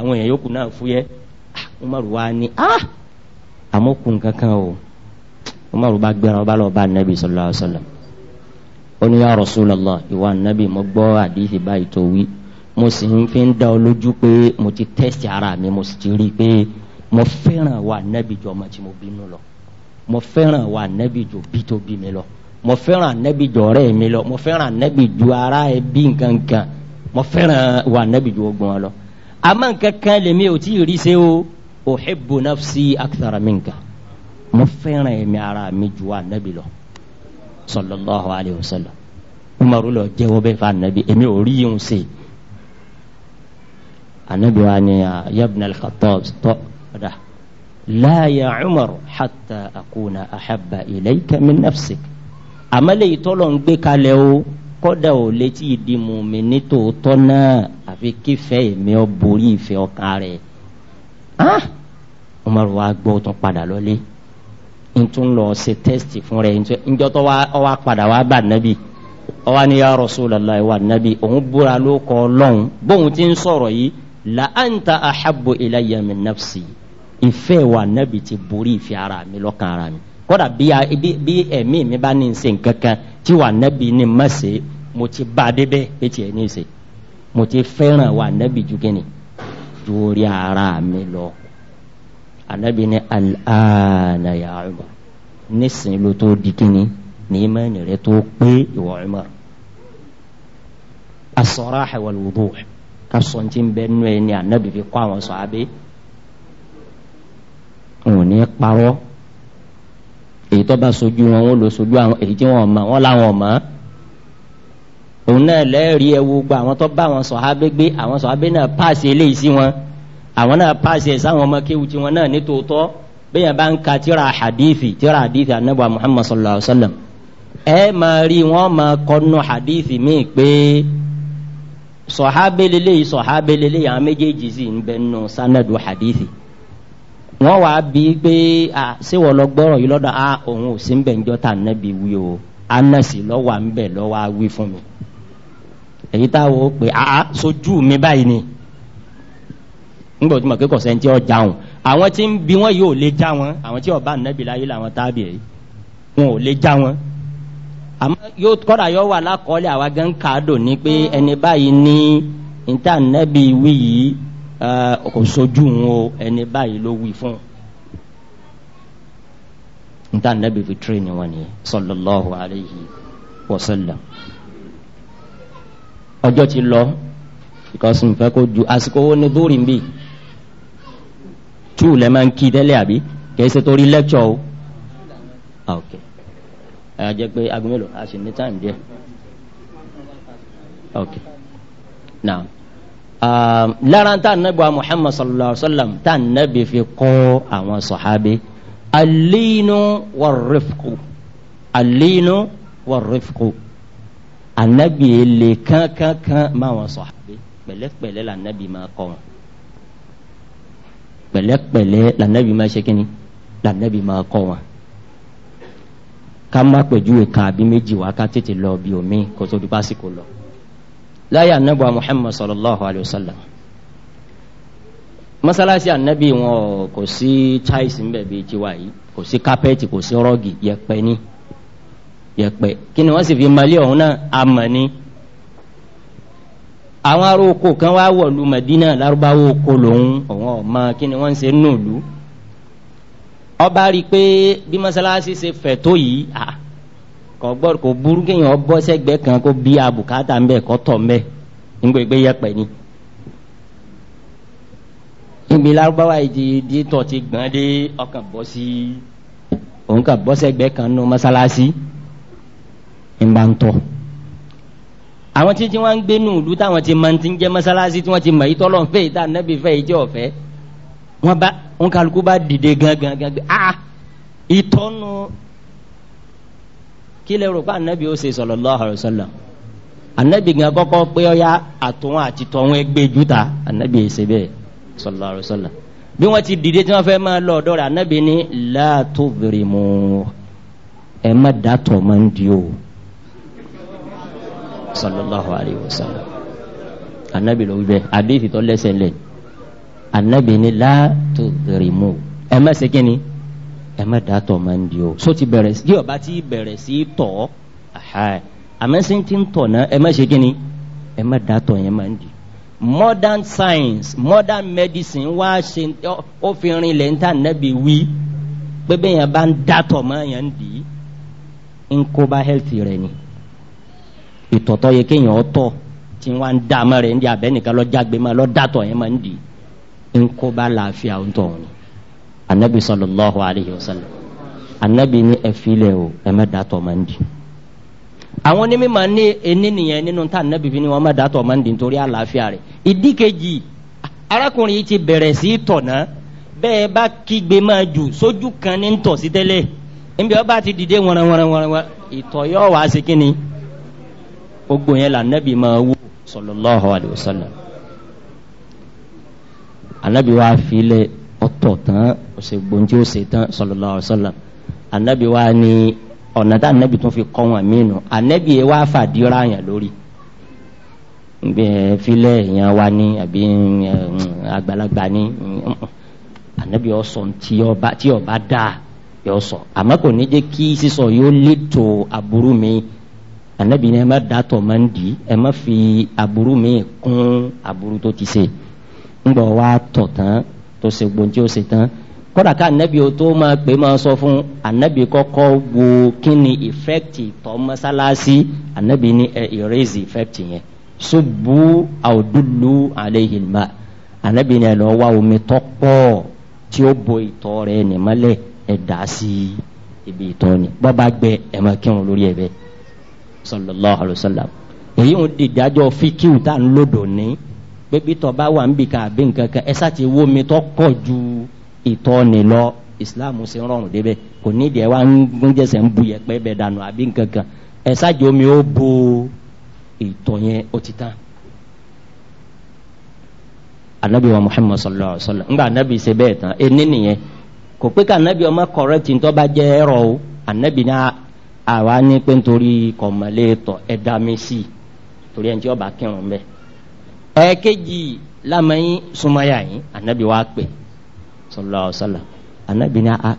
àwọn èèyàn yòókù náà fúyẹ́ ah, umaru wa ni ah amókun kankan o umaru bá gbéra ọba lọ bá anabi sallallahu alaihi wa sallam oníyà rasulallah ìwà anabi mo gbọ́ àdìsí báyìí tó wí mo sì ń fi ń dá ọ lójú pé mo ti tẹ́sì ara mi mo sì ti rí i pé mo fẹ́ràn wa anabi jọ ọmọ tí mo bínú lọ mo fẹ́ràn wa anabi jọ bí tó bí mi lọ mo fẹ́ràn anabi jọ ọ̀rẹ́ mi lọ mo fẹ́ràn anabi jọ ara ẹbí nkankan mo fẹ́ràn wa anabi jọ ogun ọ lọ àmọ́ nǹkan kan lèmi ò tí ì rí ṣe o uhibbu nafsi akthara minka mo fẹ́ràn ẹ̀mí ara mi ju anabi lọ sallallahu alayhi wa sallam umaru lọ jẹ́wọ́ bẹ́ẹ̀ fa anabi èmi ò rí yín ṣe anabi wa ni ah, yabna al-khattab tọ́ ọ̀dà láàyè umar hatta akuna ahabba ilayka min nafsik àmọ́ lè tọ́lọ̀ ń gbé kalẹ̀ o kọ́dà ò létí ìdìmú mi nítòótọ́ náà àfi kífẹ́ èmi ọ borí ìfẹ́ ọkàn rẹ̀ ọmọ rẹ̀ wá gbọ́ tó padà lọ́lé ntun lọ ṣe test fún rẹ̀ njọ́ tó wá padà wá bá nàbì ọwọ́ ni ya Rasulullah wa nàbì òun búra ló kọ́ lọ́hùn bóun ti ń sọ̀rọ̀ yìí la anta ahabu ilayya min nafsi ìfẹ́ wa nàbì ti borí ìfẹ́ ara mi lọ́kàn ara mi kódà bí ẹ̀mí mi bá ní ṣe nǹkan kan tí wà nẹ́bi ni mọ̀ ṣe mo ti bá a débẹ̀ pé tiẹ̀ ní ṣe mo ti fẹ́ràn wà nẹ́bi ju kíni ju orí ara mi lọ anabi ni al'ana ya Umar nísìnyí ló tó di kíni ní ìmánì rẹ tó pé ìwọ Umar as-saraha wal wuduh ka sọnti bẹ nù ẹ ní anabi fi kọ́ àwọn sọ abẹ òun ní èyí tó bá sojú wọn wọn lò sojú àwọn èyí tí wọn mọ wọn làwọn mọ òun náà lẹ́ẹ̀rí ẹwu gba àwọn tó bá àwọn sọ̀hábé gbé àwọn sọ̀hábé náà páàsì eléyìí sí wọn àwọn náà páàsì ẹ̀ sáwọn ọmọ kéwu tí wọn náà ní tòótọ́ bẹ́ẹ̀ bá ń ka tíra hadithi tíra hadithi anabu muhammad sallallahu alaihi wa sallam ẹ máa rí wọn máa kọ́nu hadithi míì pé sọ̀hábé lélẹ́yìí sọ̀hábé lélẹ́yìí àwọn méjèèjì sì ń bẹ́ẹ̀ nù sanadu hadithi wọ́n wàá bí i pé à síwọ́ lọ gbọ́rọ̀ yìí lọ́dọ̀ à òun ò sí ń bẹ̀ ń jọ́ta nẹ́bi wí o anasi lọ́wọ́ à ń bẹ̀ lọ́wọ́ à wí fún mi èyí táwọn ó pè à sojú mi báyìí ni ńgbà tí mo kí kọ̀sẹ́ ti ọjà wọn àwọn tí ń bi wọn yìí ò lè já wọn àwọn tí ọba nẹ́bi láyé làwọn tábìlì yìí wọn ò lè já wọn àmọ́ yóò kọ́ra yọ wà lákọ́ọ́lẹ̀ àwa gan kàádò ní pé ẹni báyìí ní Eh, kò sojú òun o ẹni báyìí ló wí fún un níta nàbí fi tírénì wọn nìyẹn sallallahu alayhi wa sallam ọjọ́ ti lọ because nfẹ́ kó ju àsìkò wo ni dúrì ń bì tíù lẹ́ máa ń kí tẹ́lẹ̀ àbí kì í torí lẹ́kṣọ̀ o ah, ok ẹ pé aago a sì ní táìmù díẹ̀ ok now. Ehm, lára tá nẹ́bí wa muhammad sallallahu alaihi wa sallam tá nẹ́bí fi kọ́ àwọn sọ̀hábí alínú wà rifku alínú wà rifku anabi ele kankankan máa wọn sọ̀hábí pẹ̀lẹ́pẹ̀lẹ́ la nẹ́bí máa kọ́ wọn pẹ̀lẹ́pẹ̀lẹ́ la nẹ́bí máa ṣe kíni la nẹ́bí máa kọ́ wọn ká má pẹ̀jú ìka àbí méjì wá ká tètè lọ bí omi kó tó dupásìkò lọ láyé anabi muhammad sallallahu alayhi wa sallam masalasi anabi wọn kò sí táìsì nbẹ bíi tiwa yìí kò sí kápẹ́ẹ̀tì kò sí rọ́ọ̀gì yẹpẹ ní yẹpẹ kí ni wọ́n sì fi malẹ̀ ọ̀hún náà àmọ́ ni àwọn aróko kan wá wọ̀lú madina larubawo ko lòun ọ̀wọ́n kí ni wọ́n ń se nùlù ọba rí i pé bí masalasi ṣe fẹ̀ tó yìí ah kò gbọ́dọ̀ kò burú kéèyàn bọ́ sẹ́gbẹ́ kan kó bí abùkátà ń bẹ̀ kọ́ tọ̀ ń bẹ̀ nígbà pé yẹpẹ̀ ni. níbi lárúbáwá yìí ti di tọ̀ ti gbọ́n dé ọkàn bọ́ sí òun kà bọ́ sẹ́gbẹ́ kan nù mọ́sálásí ń bá ń tọ̀ àwọn tí wọn ń gbé nù ìlú táwọn ti máa ti ń jẹ mọ́sálásí tí wọ́n ti mọ̀ yìí tọ́lọ́ fẹ́ yìí tá nẹ́bí fẹ́ yìí jẹ́ ọ̀fẹ́ wọn bá wọn kálukú bá dìde gangan gangan ah ìtọ́nu kí lè rò pé anabi ó ṣe sallallahu alaihi wasallam anabi gan kọ́kọ́ pé ọ̀ya àtòun àti tọ̀hún ẹgbẹ́ juta anabi yìí ṣe bẹ́ẹ̀ sallallahu alaihi wasallam bí wọ́n ti dìde tí wọ́n fẹ́ máa lọ ọ̀dọ̀ rẹ̀ anabi ní la tuzrimu ẹ má dàtọ̀ máa ń di o sallallahu alaihi wasallam anabi ló wí bẹ́ẹ̀ àdéhìí lẹ́sẹ̀ lẹ́yìn anabi ní la tuzrimu ẹ má ṣe kí ẹ má dà tọ̀ máa ń di o so ti bẹ̀rẹ̀ sí ọba ti bẹ̀rẹ̀ sí tọ̀ àmẹ́sí ti ń tọ̀ náà ẹ má ṣe kíni tọ̀ yẹn máa ń di modern science modern medicine wá ṣe ó fi rin lẹ́ńtà nẹ́bi wí pé bẹ́ẹ̀ yẹn bá ń dà tọ̀ máa yẹn ń di ń health rẹ̀ ni ìtọ̀tọ̀ yẹ kéèyàn ọ̀tọ̀ tí wọ́n á ń dà má rẹ̀ ń di abẹ́nìkan lọ́jà gbé má lọ́ dà tọ̀ yẹn máa ń di ń làáfíà ń tọ̀ wọn anabi sallallahu alayhi wa sallam anabi ni ẹfilẹ o ẹmẹ datọ man di àwọn onímọ̀ máa ní ẹni nìyẹn nínú tá anabi fi ni wọn máa datọ man di nítorí àlàáfíà rẹ ìdí kejì arákùnrin yìí ti bẹ̀rẹ̀ sí tọ̀nà bẹ́ẹ̀ bá kígbe máa jù sójú kan ní tọ̀ sí tẹ́lẹ̀ níbi ọba ti dìde wọ̀nrẹ̀wọ̀nrẹ̀wọ̀n ìtọ̀ yọ wá sí kínni gbogbo yẹn là anabi máa wú sallallahu alayhi wa sallam anabi wa fi lẹ́ẹ̀ ọtọ̀ tán ọ̀sẹ̀gbọ̀n tí ó ṣe tán sọlọ́lá ọ̀sọ́lá anabi wa ni ọ̀nà tá anabi tún fi kọ́ wọn mìíràn anabi yẹn wá fàdíra yẹn lórí filẹ̀ yẹn wa ni àbí àgbàlagbà ni anabi yọ sọ tí ọba dáa yọ sọ àmọ́ kò ní jẹ́ kí sísọ yóò lè tó aburú mi anabi ni má da tọ̀ máa ń di ẹ má fi aburú mi kún aburú tó ti ṣe ń bọ̀ wá tọ̀ tán tó ṣe gbòǹtì ó ṣe tán kódà ká anabi o tó máa pè máa sọ fún anabi kọ́kọ́ wo kí ni ìfẹ́kìtì tọ́ mọ́sálásí anabi ní ẹ ìrèzì ìfẹ́kìtì yẹn ṣubú àwòdúlù àlehìlmá anabi ní ẹ lọ omi tọ́ pọ̀ tí ó bo ìtọ̀ rẹ̀ nìmọ́lẹ̀ ẹ dà sí ibi ìtọ̀ ni bàbá gbẹ ẹ máa kírun lórí ẹ bẹ́ẹ̀ sallallahu alayhi wa sallam èyí ń di ìdájọ́ fíkìw tá à ń lòdò ní. bébí tọ́ bá wà ń bì ká bí nǹkan kan ẹ wó mi tọ́ kọ̀ ju ni lọ rọrùn kò ní ìdí ẹ wá ń gúnjẹsẹ̀ ń bu yẹpẹ dànù àbí nǹkan kan ẹ sáti omi ó bo ìtọ̀ yẹn ó anabi wa muhammad sallallahu alaihi wa sallam anabi ṣe bẹ́ẹ̀ tán ẹni nìyẹn kò pé ká anabi ọmọ tó bá jẹ o anabi náà àwa ní pé nítorí tọ mi sí torí ẹni tí ẹ̀ẹ́kejì lamẹ́yìn sumaya yìí anabi wa pè sallallahu alaihi wasallam anabi ni a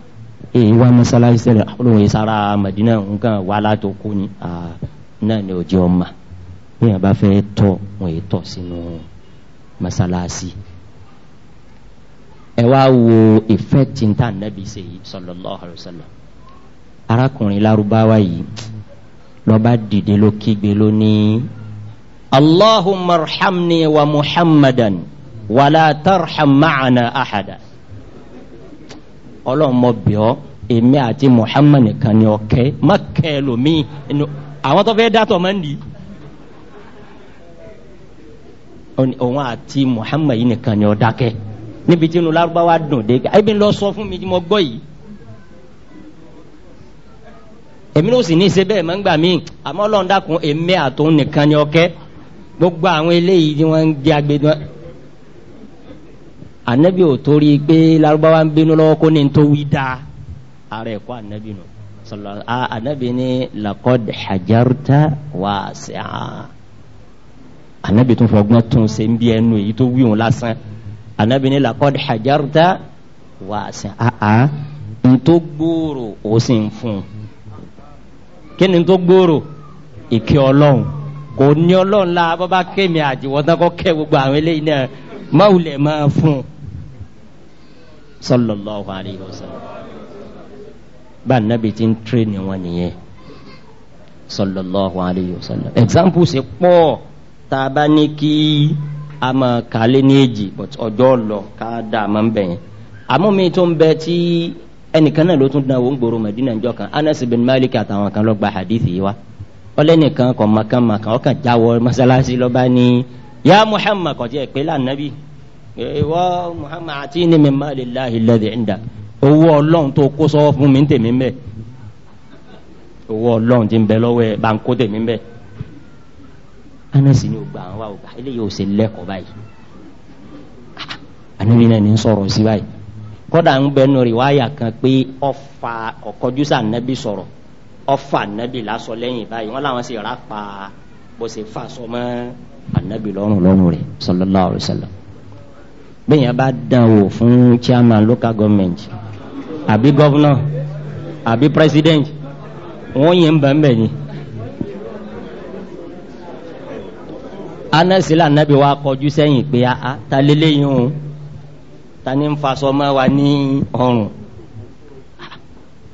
èyí wa masalasi sẹlẹ̀ ọlọ́run yìí sára madina nǹkan wàhálà tó kú ni ah, náà ni ò jẹ́ ọmọ bí wọn bá fẹ́ tọ́ wọn yìí tọ́ sínú masalasi ẹ wá wo ìfẹ́ tí anabi ṣe yìí sallallahu alaihi wasallam arákùnrin larubawa yìí lọ́ba dìde ló kígbe ló allahumma arhamni wa muhammadan wa la tarham ma'ana ahada ọlọ́run mọ bí ọ èmi àti muhammad kan ni ọkẹ má kẹ ẹ lómi àwọn tó fẹ́ dátọ̀ máa ń di òun àti muhammad yìí nìkan ni ọ dákẹ́ níbi tí inú lárúbáwá dùn dé ebi ń lọ sọ fún mi tí mo gbọ́ yìí èmi ló sì ní í bẹ́ẹ̀ mọ́ ń gbà mí àmọ́ ọlọ́run dákun èmi àtòun nìkan ni ọkẹ́ gbogbo àwọn eléyìí ni wọ́n ń gé agbègbè wọn. ànábì ò torí pé larubawa ń bínú lọ́wọ́ kó ní tó wí dáa ara ẹ̀kọ́ ànábì nù sọlọ ànábì ní lakọ́d hajarta wá sí a. ànábì tún fọgbọ́n tún ṣe ń bí ẹnu èyí tó wí òun lásán ànábì ní lakọ́d hajarta wá sí a. a tó gbòòrò ó sì ń fún kí ni tó gbòòrò ìkẹ́ ọlọ́run kò ní ọlọ́run la bọ́bá kémi àjìwọ́tán kọ́ kẹ́ gbogbo àwọn eléyìí náà máwùlẹ̀ máa fún un sallallahu alayhi wa sallam bá nàbì tí ń tírèèni wọn nìyẹn sallallahu alayhi wa sallam example ṣe pọ̀ tá a bá ní kí a máa kálẹ̀ ní èjì but ọjọ́ lọ ká dá a máa ń bẹ̀yẹn àmọ́ mi tó ń bẹ tí ẹnìkan náà ló tún dán ń gbòòrò mẹ́dínà ńjọ kan anas bin malik àtàwọn kan lọ gba hadith yìí wa ọlẹ́nìkan kọ̀ mọ̀kan mọ̀kan ọkàn jáwọ́ mọ́sálásí lọ́ba ya muhammad kọ̀tí ẹ̀ pé lànàbí ìwọ muhammad àti ní mi má lè láàyè lẹ́dẹ̀ ẹ̀ńdà owó ọlọ́run tó kó sọ́wọ́ fún mi ń tèmi mbẹ́ owó ọlọ́run ti ń bẹ lọ́wọ́ ẹ̀ bá ń kó tèmi mbẹ́ anasi ni o gba wa o gba eléyìí o sì lẹ́kọ̀ọ́ báyìí anabi ah, náà ní sọ̀rọ̀ sí báyìí ń bẹ́ẹ̀ nù wáyà kan pé ọ̀fà ọ̀kọ́jú sànàbí sọ̀rọ̀ ọfà ànábì lásọ lẹ́yìn báyìí wọ́n láwọn sì rà pa bó ṣe fà sọ mọ́ ànábì lọ́rùn lọ́rùn rẹ̀ sallallahu alaihi wasallam bẹ́ẹ̀ yẹn bá dán wò fún chairman local government àbí governor àbí president wọ́n yẹn ń bẹ̀ ń bẹ̀ ni. anasi la anabi wa kọjú sẹ́yìn pé a ta lélẹ́yìn o ta ni ń fasọ ma wa ní ọrùn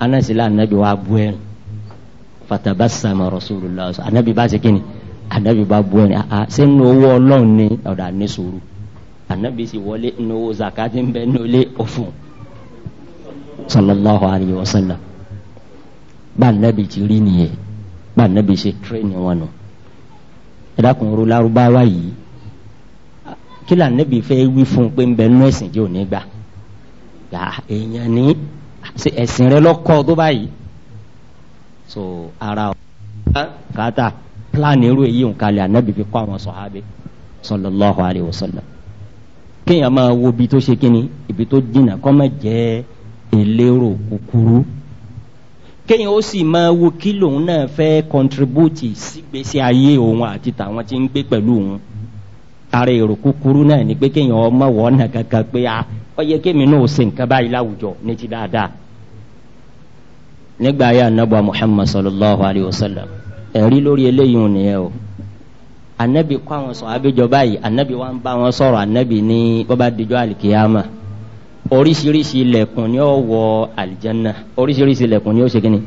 anasi la anabi wa bu ẹrùn fatabasama rasulillah anabi bá ṣe kíni anabi bá bu ẹni a ṣe ń owó ọlọ́run ní ọ̀dà ní sòrò anabi sì wọlé ní owó zakati ń bẹ ní olé òfun sallallahu alayhi wa sallam bá anabi ti rí nìyẹn bá anabi ṣe tírénì wọn nù ẹ larubawa yìí kí anabi fẹ́ wí fún pé ń bẹ nú ẹ̀sìn jẹ́ yà èèyàn ní ẹ̀sìn rẹ lọ́kọ́ tó báyìí so ara kàtà pílánì irú èyí nǹkalẹ̀ ànábì fi kọ́ àwọn sọ̀hábẹ́ sọlọ́láhu alayhi wa sallam kéèyàn máa wo ibi tó ṣe kíni ibi tó jìnnà kọ́ mọ̀ jẹ́ elérò kúkúrú kéèyàn ó sì máa wo kí lòun náà fẹ́ kọntribútì sígbésí ayé òun àti tàwọn tí ń gbé pẹ̀lú òun ara èrò kúkúrú náà ni pé kéèyàn ọmọ wọ́n náà kankan pé a ah, ọ yẹ kémi náà ó se nǹkan báyìí láwùjọ ní ti dáadáa nígbà ayé anábọ̀ muhammad sallallahu alayhi wa sallam ẹ̀rí lórí eléyìí ò nìyẹn o anabi kọ́ àwọn sọ̀rọ̀ abéjọba yìí anabi wa ń bá wọn sọ̀rọ̀ anabi ní bọ́ba dijọ́ alikiyama oríṣiríṣi ilẹ̀kùn ni ó wọ alijanna oríṣiríṣi ilẹ̀kùn ni ó ṣe kíni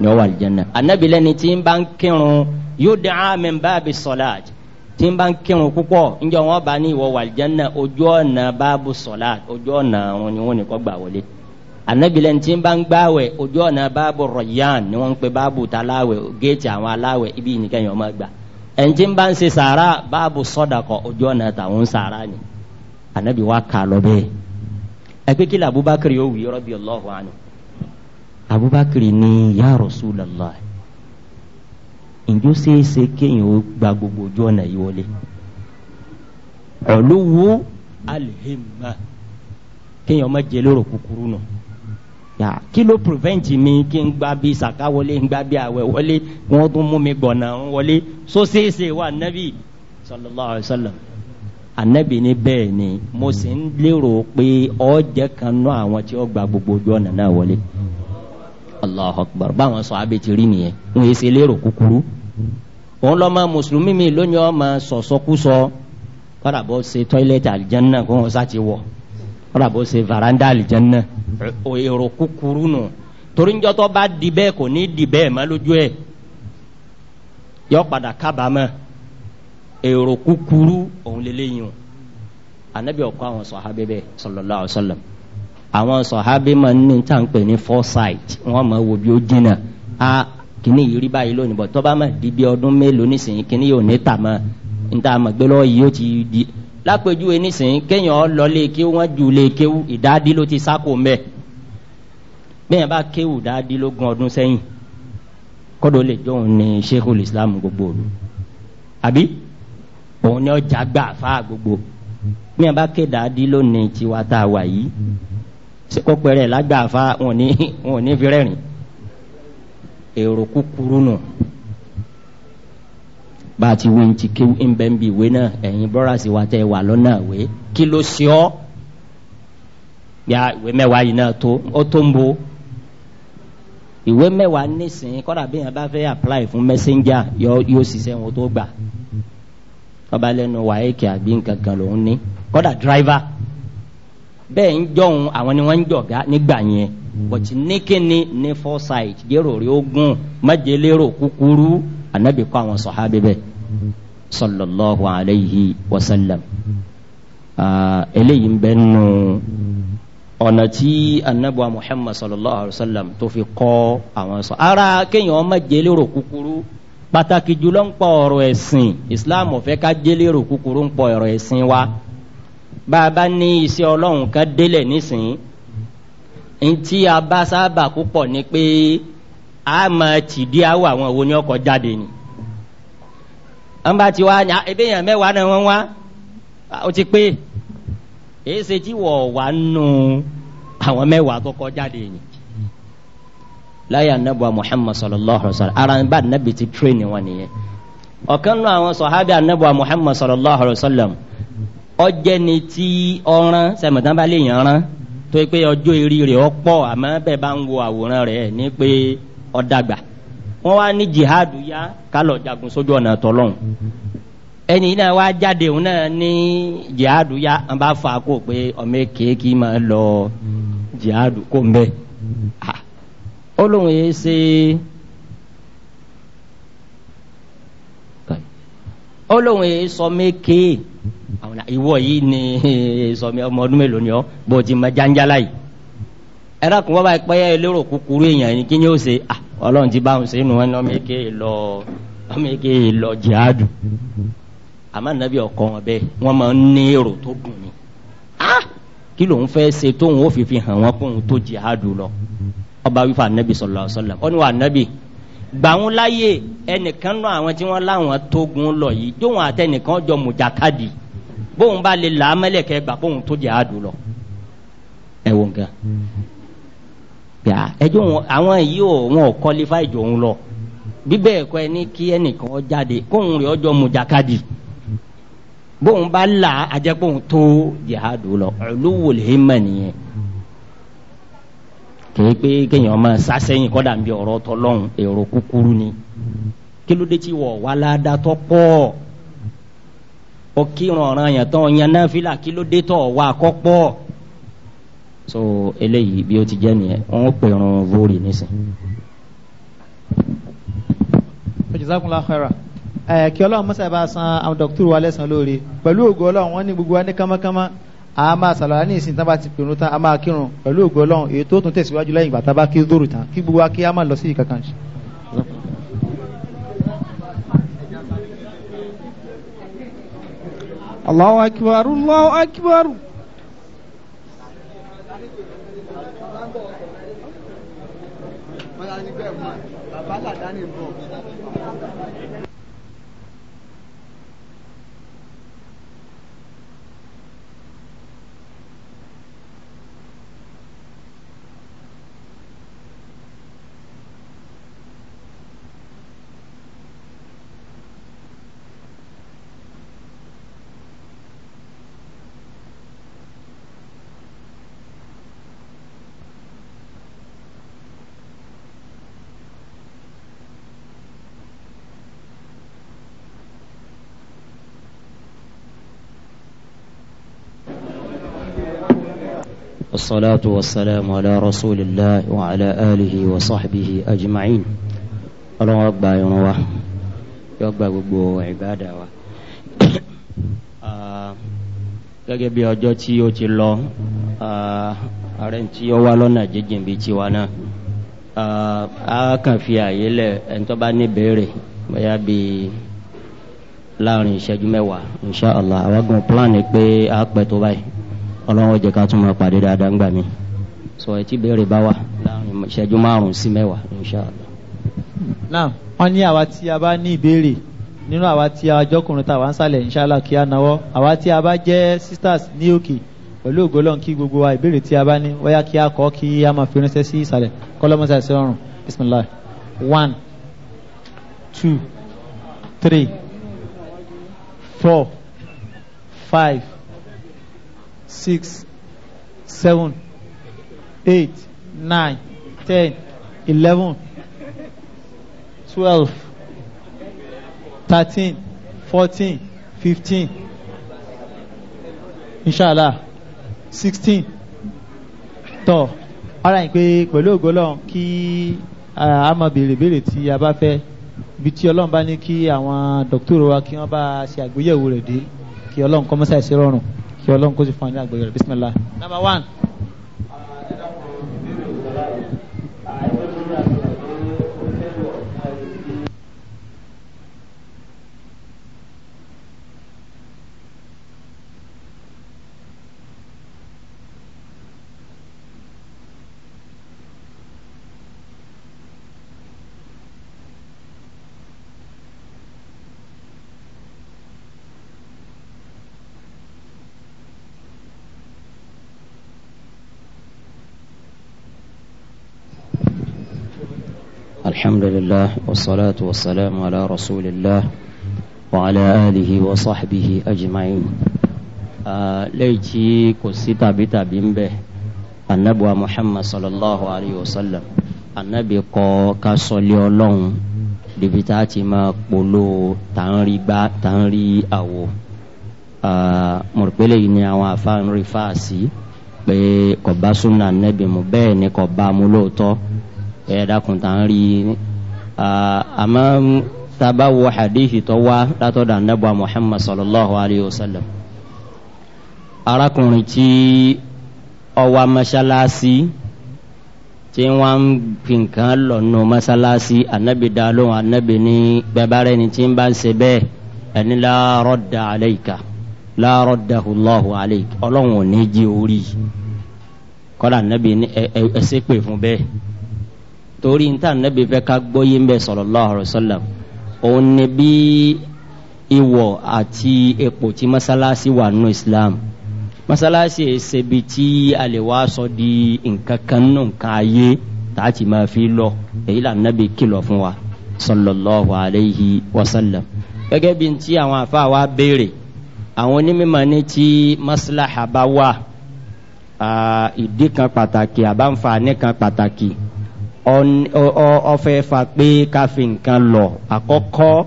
ni ó wọ alijanna anabi lẹ́ni tí ń bá ń kírun yóò dé amen bá a bẹ sọ̀láàj tí ń bá ń kírun púpọ̀ njẹ́ wọn bá ní ìwọ wọ alijanna ojú ọ̀nà bá a bọ sọ̀láàj ojú ọ̀nà àwọn ni wọn ni kọ́ gbà wọlé anabilẹ̀ntì bá ń gbáwẹ̀ ojú ọ̀nà báàbù rọ̀yàn ni wọ́n ń pe báàbù taláwẹ̀ géètì àwọn aláwẹ̀ ibi ìnìkan yẹn ọmọ gbà ẹ̀ntì bá ń ṣe sàárà báàbù sọ́dàkọ̀ ojú ọ̀nà tàwọn sàárà ni anabi wa kà lọ bẹ́ẹ̀ ẹ pé kí ni abubakar yóò wí rọ́bì ọlọ́hu àná abubakar ni ya rasulallah ǹjọ́ ṣeéṣe kéèyàn ó gba gbogbo ojú ọ̀nà yìí wọlé ọ̀lúwo alihimma kéèyàn ọmọ jẹ lóró kúkúrú náà yà kí ló prevent mi kí n gba bí saka wọlé n gba bí awẹ wọlé wọn tún mú mi gbọ̀nà ń wọlé so ṣeéṣe wa anabi sallallahu alayhi wa sallam anabi ni bẹ́ẹ̀ ni mo sì ń lérò pé ọ jẹ́ kan nú àwọn tí ó gba gbogbo ojú ọ̀nà náà wọlé allahu akbar báwọn sọ abẹ́tì rí nìyẹn ń yẹ ṣe lérò kúkúrú òun lọ́mọ mùsùlùmí mi lónìí ọmọ sọ̀sọ́kúsọ kọ́dà bọ́ ṣe tọ́ílẹ̀tì àlìjánná kó wọn sá ti wọ̀. kọ́dà bó ṣe varanda àlìjẹ́nà èrò kúkúrú nù torí ń jọ́tọ́ bá di bẹ́ẹ̀ kò ní di bẹ́ẹ̀ má lójú ẹ̀ yọ padà kábàámọ̀ èrò kúkúrú òun lélẹ́yìn o anabi ọkọ àwọn sọ̀hábẹ́ bẹ́ẹ̀ sọlọ́lá ọ̀sọ́lọ́m àwọn sọ̀hábẹ́ máa ń ní tá à ń pè ní foresight wọ́n máa wo bí ó jìnnà a kìíní yìí rí báyìí lónìí bọ̀ máa di bí ọdún mélòó nísìnyí kìíní yóò ní níta àmọ́ gbẹ́lọ́ yìí yóò ti di. lápèjúwe nísìnyí kéèyàn lọ lékewu wọn ju lékewu ìdádí ló ti sáko mbẹ bẹ́ẹ̀ bá kéwù ìdádí ló gun ọdún sẹ́yìn kọ́dọ̀ lè jọ òun ní sheikhul islam gbogbo òdu àbí òun ní ọjà gbà fà gbogbo bẹ́ẹ̀ bá ké ìdádí ló ní tiwa tá a wà yìí kọ́pẹ́rẹ́ lágbà fà wọn ní ní fi rẹ́rìn èrò kúkúrú nù. No bá a ti wé ti ké ń bẹ́ ń bi ìwé náà ẹ̀yin bọ́ra sí wa tẹ́ wà lọ́nà ìwé kí ló ṣe ọ́ ya ìwé mẹ́wàá yìí náà tó ó tó ń bo ìwé mẹ́wàá nísìnyí kọ́dà bí yẹn bá fẹ́ apply fún messenger yóò ṣiṣẹ́ wọn tó gbà ọba lẹ́nu wàhálà àbí nǹkan kan lòún ní kọ́dà driver bẹ́ẹ̀ ń jọ̀hún àwọn ni wọ́n ń jọ̀gá nígbà yẹn bọ̀tí ní kíni ní foresight jẹ́rò rí ogún májèlérò kúkúrú anabi kọ́ àwọn sọ̀hábí bẹ́ẹ̀ sallallahu alayhi wa sallam eléyìí ń bẹ nù ọ̀nà tí anabi wa muhammad sallallahu alayhi wa sallam tó fi kọ́ àwọn sọ ara kéèyàn má jẹlérò kúkúrú pàtàkì jùlọ ń pọ̀ ọ̀rọ̀ ẹ̀sìn islam ò fẹ́ ká jẹlérò kúkúrú ń pọ̀ ọ̀rọ̀ ẹ̀sìn wa bàbá ní iṣẹ́ ọlọ́run kan délẹ̀ nísìnyí ntí a púpọ̀ ni pé a mọ tìdí awọ àwọn wo ni ọkọ jáde ni wọn bá ti wá ní ah, ebéyàn mẹwàá náà wọn wá ah, ó ti pé èyí ṣe tí wọ́n wà nù àwọn mẹwàá tó kọ jáde ni láyé anabuwa muhammad sallallahu alaihi wa sallam ara bá anabi ti train wọn nìyẹn ọ̀kan nù àwọn sọ̀hábì anabuwa muhammad sallallahu alaihi wa sallam ọjẹ́ ni tí ọ̀ràn sẹ̀mọ̀tàn bá lè yàn ọ̀ràn tó yẹ pé ọjọ́ eré rẹ̀ ọ̀pọ̀ àmọ́ bẹ́ẹ̀ bá ń wo àwòrán rẹ̀ ní pé. ọ̀dàgbà wọ́n wá ní jihadu ya kálọ̀ jagun sójú ọ̀nà tọ́lọ́hún ẹni náà wá jáde òun náà ní jihadu ya wọ́n bá fa kó pé ọmọ kéèkì máa lọ jihadu kó ń bẹ́ ó lóun yé ṣe ó lóun sọ méke àwọn ìwọ yìí ni sọ mi ọmọ ọdún mélòó ni ọ bó ti mọ bá pẹ́ lérò ọlọ́run ti bá ń ṣe inú wọn lọ́mọ èké lọ ọmọ èké lọ jihadu àmọ́ nàbí ọkọ̀ wọn bẹ́ẹ̀ wọn máa ń ní èrò tó gùn ni kí lòun fẹ́ ṣe tóun ó fi fi hàn wọ́n kóun tó jihadu lọ ọba wífa anabi sọlọ sọlọ ọ ní wa anabi gbàwọn láyè ẹnìkan náà àwọn tí wọn láwọn tógun lọ yìí jóun àtẹnìkan jọ mùjàkadì bóun bá lè làámẹ́lẹ̀ kẹ́ gbà bóun tó jihadu lọ ẹ wò nǹkan yà ẹjọ́ wọn àwọn yìí ò wọn ò kọ́lífà ìjọ òun lọ bíbẹ̀ ẹ̀kọ́ ẹni kí ẹnìkan jáde kóun rẹ̀ ọjọ́ mujakadi bóun bá là ajẹ́pọ̀n tó jihadu lọ ọlọ́wọ́ lè nìyẹn kìí pé kéèyàn máa sásẹ́yìn kọ́dà ń bí ọ̀rọ̀ tọ́lọ́hún èrò kúkúrú ni kí ló dé tí wọ̀ wá ládàtọ́ pọ̀ ó kírun ọ̀ràn yẹn tán ọ̀yàn náà fílà kí ló dé tọ̀ wá kọ́ pọ̀ so eléyìí bí ó ti jẹ́ nìyẹn wọ́n pè ràn vóòrì nísìn. ojúzákùnlá xẹ́ra ẹ̀ kí ọlọ́run mọ́sá bá san àwọn dọ́kítọ́rù wa lẹ́sàn-án lóore pẹ̀lú ògo ọlọ́run wọ́n ní gbogbo wa ní kánmọ́kánmọ́ a máa sàlàyé ní ìsìn tábà ti pèrún tán a máa kírun pẹ̀lú ògo ọlọ́run èyí tó tún tẹ̀síwájú lẹ́yìn ìgbà tábà kí dóòrù tán kí gbogbo wa kí a máa lọ sí ìkankan. Allahu akbar Allahu akbar. that, Danny. والصلاة والسلام على رسول الله وعلى آله وصحبه أجمعين الله أكبر. irun wa yọ gba gbogbo ìbáàdà wa gẹ́gẹ́ bí ọjọ́ tí ó ti lọ ààrẹ tí ó wá lọ́nà jíjìn bíi tiwa náà a kàn fi àyè lẹ̀ ẹni tó bá ní béèrè bóyá bíi láàrin ìṣẹ́jú mẹ́wàá inṣàlá àwọn gan plan ni pé a pẹ́ tó báyìí ọlọ́run jẹ́ ká tún máa pàdé dáadáa ńgbà mi sọ ẹ béèrè bá wà láàrin ìṣẹ́jú márùn-ún sí mẹ́wàá inṣàlá. náà wọ́n ní àwa tí a bá ní ìbéèrè nínú àwa tí a jọkùnrin ń sàlẹ̀ inṣàlá kí á náwó àwa tí a bá jẹ́ sisters ní òkè pẹ̀lú ògbólọ́n kí gbogbo wa ìbéèrè tí a bá ní wáyà kí a kọ́ kí a máa fi ránṣẹ́ sí ìsàlẹ̀ kọ́lọ́mọsà one two three four five six seven eight nine ten eleven twelve thirteen fourteen fifteen inshallah sixteen tọ ara yìí pé pẹ̀lú ògbólọ́n kí a máa béèrè béèrè tí a bá fẹ́ ibi tí ọlọ́run bá ní kí àwọn dókítà wa kí wọ́n bá ṣe àgbéyẹ̀wò rẹ̀ dé kí ọlọ́run kọ́ mọ́sá rọrùn kí ọlọ́run kó sì fún wa ní àgbẹ̀yẹ̀rẹ̀ bisimilah. number one. الحمد لله والصلاة والسلام على رسول الله وعلى آله وصحبه أجمعين ليتي كسيتا بيتا بيمبه النبوة محمد صلى الله عليه وسلم النبي قو كسولي الله دبتاتي ما قلو تنري با تنري أو mọ̀rọ̀pẹ́lẹ̀ yìí ni àwọn àfáàrin rí fáàsì pé kọ̀bá súnà nẹ́bìmù bẹ́ẹ̀ ẹ dákun tá à ń rí àmọ́ taba wo hadithi tó wá látọ̀dọ̀ anabu muhammad sallallahu alayhi wa sallam arákùnrin tí ọwa mọ́ṣáláṣí tí wọ́n ń fi nǹkan lọ́nu mọ́ṣáláṣí anabi dá lóhùn anabi ní bẹ́bárẹ́ ni tí ń bá ń ṣe bẹ́ẹ̀ ẹni láàárọ̀ da àlẹ́yìká láàárọ̀ da hùlọ́hù ọlọ́run ò ní jí orí kọ́lá anabi ẹ ẹ ẹ ṣépè fún bẹ́ẹ̀ torí níta nabi fẹ́ ká gbóyè ń bẹ sallallahu alaihi wasallam òun ni bí ìwọ̀ àti epo tí mọ́sálásí wà nù islam mọ́sálásí ṣebi tí a lè sọ di nǹkan kan nù nǹkan ayé tààtì máa fi lọ èyí là nẹ́bí kìlọ̀ fún wa sallallahu alaihi wasallam gẹ́gẹ́ bí ti àwọn afa wa béèrè àwọn onímọ̀ ní tí maslaha bá wà ìdí kan pàtàkì àbáǹfààní kan pàtàkì ọfẹ́ fa pé ká fi nǹkan lọ àkọ́kọ́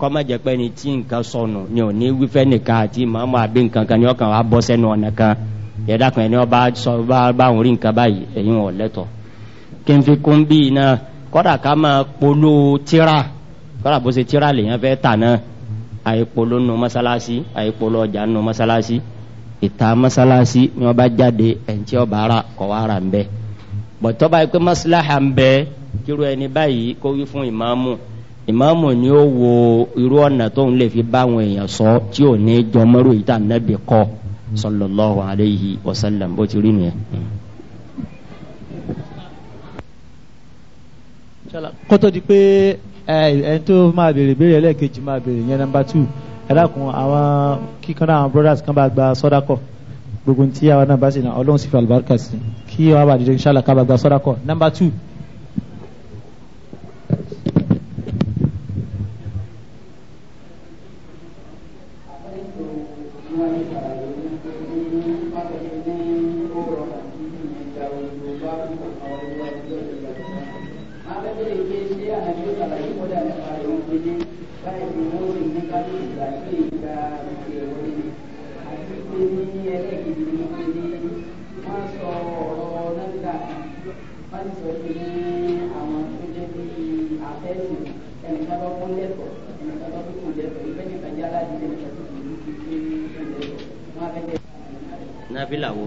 kọ́mọ̀jẹ̀ pé ni tí nǹkan sọnù ni ò ní wífẹ́ nìkan àti màmú àbí nǹkan kan ni ọkàn wa bọ́ sẹ́nu ọ̀nà kan yẹ̀dá kan ẹni ọba sọ báwọn rí nǹkan báyìí ẹ̀yin ò lẹ́tọ̀ kí n fi kún bí iná kọ́dà ká máa polo tíra kọ́dà bó ṣe tíra lèèyàn fẹ́ tà náà àìpolo nu mọ́sálásí àìpolo ọjà nu mọ́sálásí ìta mọ́sálásí ni ọba jáde ẹ̀ǹtí ọba ara kọ̀ wá ara ń bẹ́ẹ̀ bọ̀tọ́ba yìí pé mọ́síláhà ń bẹ kíru ẹni báyìí kó wí fún ìmáàmù ìmáàmù ni ó wo irú ọ̀nà tóun lè fi bá àwọn èèyàn sọ tí ò ní jọmọ́rò yìí tà nẹ́bì kọ́ sọlọ́lọ́hu aleyhi wasalam bó ti rí nìyẹn. kótó di pé ẹni tó máa béèrè béèrè ẹlẹ́ẹ̀kejì máa béèrè yẹn nọmba two ẹ̀dá kun àwọn kíkan àwọn brothers kan bá gba sọ́dákọ̀. So gbogbo ntí àwọn náà bá sì náà ọlọ́run sì fi àlùbáríkà sí kí wọ́n bá dìde kábàgbà sọ́dá kọ́ number two. náfìlà wo.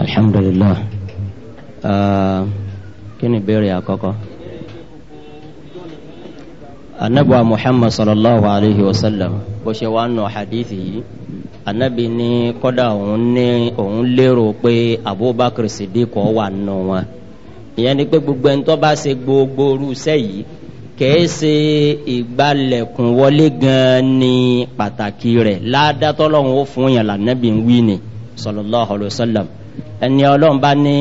alhamdulillah ah, kí ni ìbéèrè àkọ́kọ́ anabuwa muhammad sallallahu alayhi wa sallam bó ṣe wà hadithi yìí anabi ní kọ́dà òun ní òun lérò pé abubakar sidiq wà nù wọn ìyẹn ni pé gbogbo ẹni tó bá ṣe gbogbo irúṣẹ́ yìí kìí ṣe ìgbàlẹ̀kùn wọlé gan-an ní pàtàkì rẹ̀ ládàtọ́lọ́hún ó fún yàn lànàbí wí ni sallallahu alayhi wa sallam ẹni ọlọ́run bá ní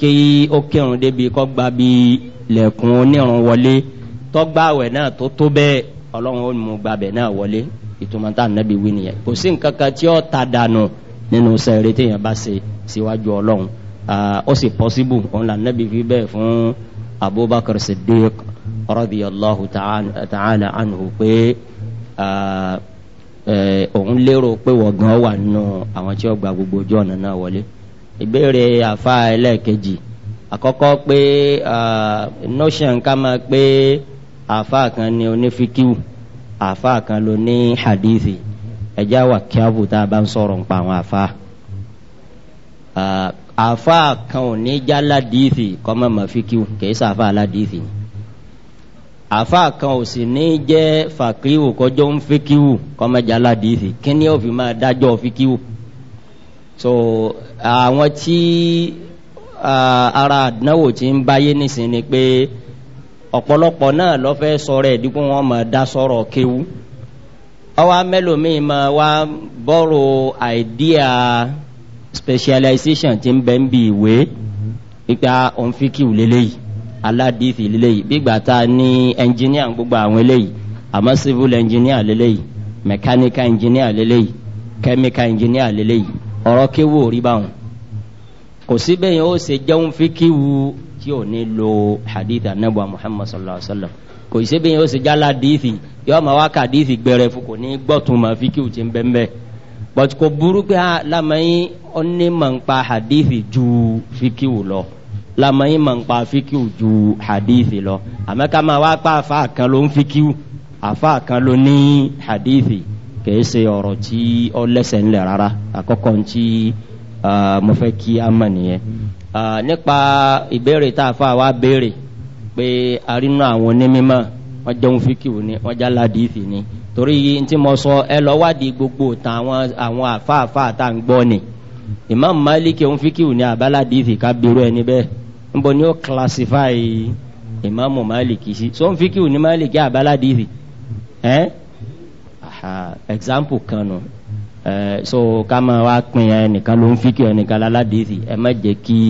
kí ó kírun débi kọ́ gba bí onírun wọlé tọ́gbàwẹ̀ náà tó tó bẹ́ẹ̀ ọlọ́run ó mú gbàbẹ̀ náà wọlé ìtumọ̀ tá nàbí wí nìyẹn kò sí nǹkan kan tí ó ta dànù nínú sẹ́ẹ̀rẹ́ téèyàn bá ṣe síwájú ọlọ́run ó sì pọ́síbù òun là nàbí fi bẹ́ẹ̀ fún abubakar siddiq radiyallahu ta'ala anhu pé òun lérò pé wọ̀gán wà nínú àwọn tí ó gba gbogbo ojú ọ̀nà náà wọlé ìbéèrè àfa ẹlẹ́ẹ̀kejì àkọ́kọ́ pé notion ká máa pé àfáà kan ní onífíkíw àfáà kan ló ní hadithi ẹjá wà kíábù tá a bá ń sọ̀rọ̀ ń pa àwọn àfáà àfáà kan ò ní já ládìíthì kọ́mọ mọ̀fíkíw kìí sàfáà ládìíthì àfáà kan ò sì ní jẹ́ fàkíwù kọjọ́ ń fíkíwù kọ́mọ já ládìíthì kí ni máa dájọ́ fíkíwù so àwọn tí ara àdánwò tí ń báyé nísìnyí ni pé ọ̀pọ̀lọpọ̀ náà lọ́fẹ́ sọ̀rọ̀ ẹ̀dínkù wọn mọ̀ dá sọ̀rọ̀ kéwú ọwọ́ mẹ́lòmíì mọ̀ wá bọ́rọ̀ àìdíà specialization ti ń bẹ́ ń bi ìwé pípa òǹfikì lélẹ́yìí aládìsí lélẹ́yìí gbígbà tá a ní ẹnjìníà gbogbo àwọn eléyìí àmọ́ civil engineer lélẹ́yìí mechanical engineer lélẹ́yìí chemical engineer lélẹ́yìí ọ̀rọ̀ kéwú ò rí báwọn kò síbẹ̀ yẹn ó ṣe jẹun fíkìwù tí ò ní lo hadith anabuwa muhammad sallallahu alaihi wa sallam kò sí bí yóò ṣe jálá díìfì yóò máa wá ká díìfì gbẹrẹ fún kò ní gbọ́tun máa fi kí o ti ń but kò burú pé ah, lamẹ́yìn ọ̀ní máa ń pa hadith ju fikiu lọ lamẹ́yìn máa ń pa fikiu ju hadith lọ àmọ́ ká máa wá pa afa kan ló ń fikiu afa kan ló ní hadith kì í ṣe ọ̀rọ̀ tí ọ lẹ́sẹ̀ ńlẹ̀ rárá àkọ́kọ́ ntí ah, mo fẹ́ kí a mọ̀ nìyẹn nípa ìbéèrè tá a fà wá béèrè pé arínú àwọn onímọ̀ wọ́n jẹun fíkìwò ni wọ́n já ládìífì ni torí tí mo sọ ẹ lọ wádìí gbogbo àwọn àfáàfáà tá à ń gbọ́ ni imam maliki òun fíkìwò ni àbáládìífì ká bírú ẹni bẹ́ẹ̀ níbo ni ó classify imam maliki sí so òun fíkìwò ni maliki àbáládìífì ẹ́ example kan nù. No so ká máa wá pin ẹnìkan ló ń fíkì ẹnìkan láládìsí ẹ má jẹ́ kí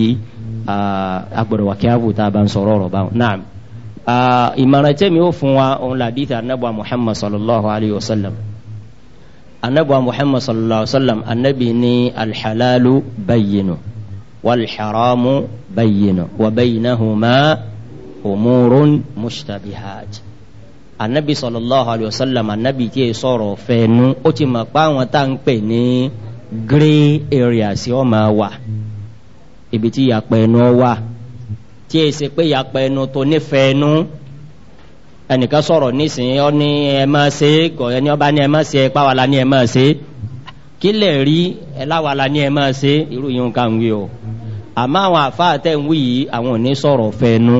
agbọ̀dọ̀ wà kí á bù tá a bá ń sọ̀rọ̀ ọ̀rọ̀ báwọn náà ìmọ̀ràn tẹ́mi ó fún wa òun làdíta anábọ̀ muhammad sallallahu alayhi wa sallam anábọ̀ muhammad sallallahu alayhi wa sallam anábì ní alḥalalu bayyinu walḥaramu bayyinu wa bayyinahuma umurun mushtabihat anabi sallallahu alayhi wa sallam anabi tí yẹ sọ̀rọ̀ fẹ́nu ó ti mọ̀ pé àwọn tá à ń pè ní grey areas ó máa wà ibi tí yàpẹ̀ ẹnu wà tí yẹ ṣe pé yàpẹ̀ ẹnu tó nífẹ̀ẹ́ ẹnu ẹnìkan sọ̀rọ̀ nísìnyí ọ ní ẹ má ṣe kọ ẹni ọba ní ẹ má ṣe ẹpá wàlá ní ẹ má ṣe kí lè rí ẹ láwàlá ní ẹ má ṣe o àmọ́ àwọn àfáà tẹ̀ ń wí yìí àwọn ò ní sọ̀rọ̀ fẹ́ẹ́nu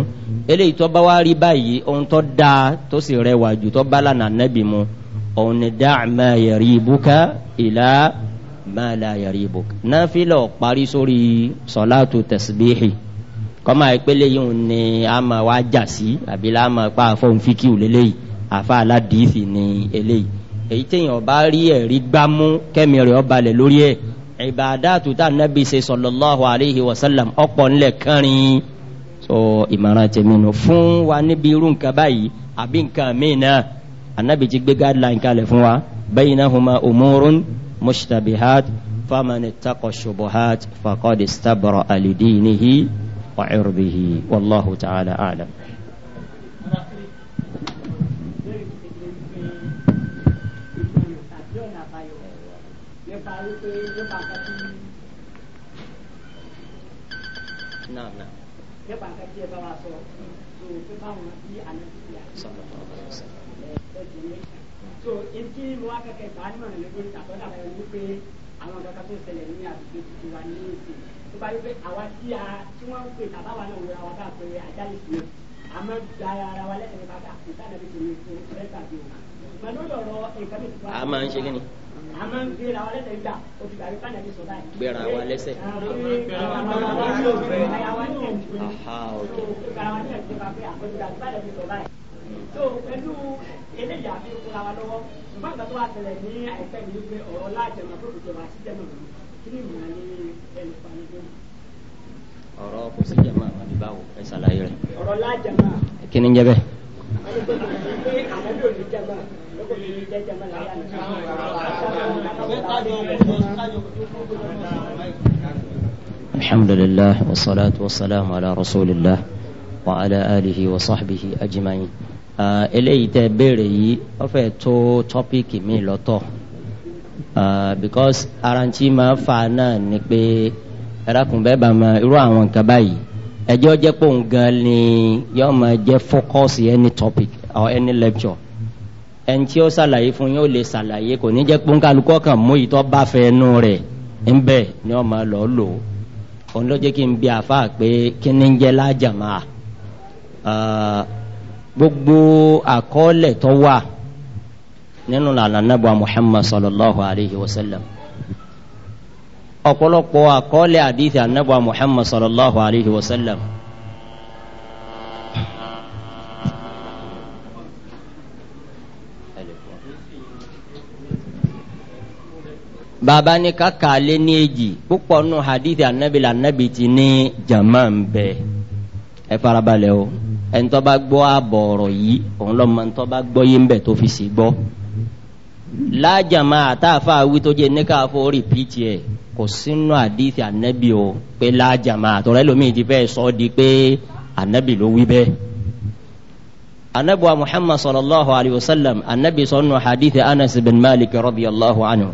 eléyìí tó bá wá rí báyìí ohun tó dáa tó sì rẹwà jù tó bá lànà nẹ́bì mu òun ni dáàmà yẹ̀rì ibùkà ìlà màlà yẹ̀rì ibùkà. náfìlà parí sórí sọ̀láàtù tẹ̀sibíhì kọ́mà ìpele yìí ni a máa wá jà sí àbí la máa pa àfọ̀hún fíkìw lélẹ́yìí àfa aládìísì ni eléyìí èyí téèyàn bá rí ẹ̀rí gbámú kẹ́mi rẹ̀ ọ ìbàdàtù tá nẹ́bí ṣe sallallahu alayhi wa sallam ọ̀pọ̀ ńlẹ̀ kẹrin so ìmọ̀ràn tèmi nù fún wa níbi irú nǹkan báyìí àbí nǹkan míì náà anabi ti gbé guideline kalẹ̀ fún wa baynahuma umurun mushtabihat faman ittaqa shubuhat faqad istabra wa irbihi wallahu ta'ala a'lam. náà náà. nípa nǹkan tí ẹ bá wa sọ so pé báwọn so etí mo wá kẹkẹ bá ní mọ̀nà lórí àtọ́jà rẹ wípé àwọn ọ̀dọ́ kan tó ṣẹlẹ̀ ní àdúgbò tuntun wa ní ìsìn tó bá wípé àwa tí a tí wọ́n ń pè tàbá wa náà wúra wa bá pé ajá lè fi àmọ́ gba a máa ń ṣe kí ni àmọ́ ń gbéra wa lẹ́sẹ̀ gbà o ti gbàgbé pàdé sọ báyìí. gbéra wa lẹ́sẹ̀. aha ok. gbéra wa lẹ́sẹ̀ gbà pé àkójọ gbàgbé pàdé sọ báyìí. so pẹ̀lú eléyìí àfi kúra wa lọ́wọ́ ṣùgbọ́n nǹkan tó wà tẹ̀lẹ̀ ní àìpẹ́ mi wípé ọ̀rọ̀ láàjẹmọ̀ tó kùjọ wá sí jẹ́mọ̀ mi kí ni ìmọ̀ ní ẹnu pa ní jẹ́mọ̀. ọ̀rọ̀ kò sí jẹ́mọ̀ àwọn ìbáwò ẹ̀ ṣàlàyé rẹ̀. ọ̀rọ̀ láàjẹmọ̀. kí ni ń jẹ́ bẹ́ẹ̀. àwọn ìgbésẹ̀ الحمد لله والصلاة والسلام على رسول الله وعلى آله وصحبه أجمعين eléyìí tẹ béèrè yìí ó fẹ́ tó tọ́píìkì mi lọ́tọ̀ because arantí máa fa náà ni pé ẹ̀rákùnbẹ́ bá ma irú àwọn nǹkan báyìí ẹjọ́ jẹ́ pòun gan ni yóò máa jẹ́ fọ́kọ́sì any topic or any lecture ẹni tí ó ṣàlàyé fún yín ó lè ṣàlàyé kò ní jẹ́ pé nkálukọ́ kan mú ìtọ́ bá fẹ́ nú rẹ̀ ńbẹ ni wọ́n máa lọ lò òun ló jẹ́ kí n bí àfa pé kí ni ń jẹ́ lájàmá gbogbo àkọọ́lẹ̀ tó wà nínú lànà nàbà muhammad sallallahu alayhi wa sallam ọ̀pọ̀lọpọ̀ àkọọ́lẹ̀ àdìsí ànàbà muhammad sallallahu alayhi wa sallam. bàbá ní kàkà lé ní èjì púpọ̀ nù hadithi anabi la anabi ti ní jama ń bẹ ẹ farabalẹ̀ o ẹni tó bá gbọ́ àbọ̀rọ̀ yìí òun lọ́mọ ẹni tó bá gbọ́ yìí ń bẹ tó fi sì gbọ́ lájàmá àtàfà wí tó jẹ níkà rìpíìtì ẹ kò sínú hadithi anabi o pé lájàmá àtọ̀rẹ́ lómi ti fẹ́ sọ di pé anabi ló wí bẹ́ẹ̀ anabi wa muhammad sallallahu alayhi wa sallam anabi sọnù hadithi anas bin malik radiyallahu anhu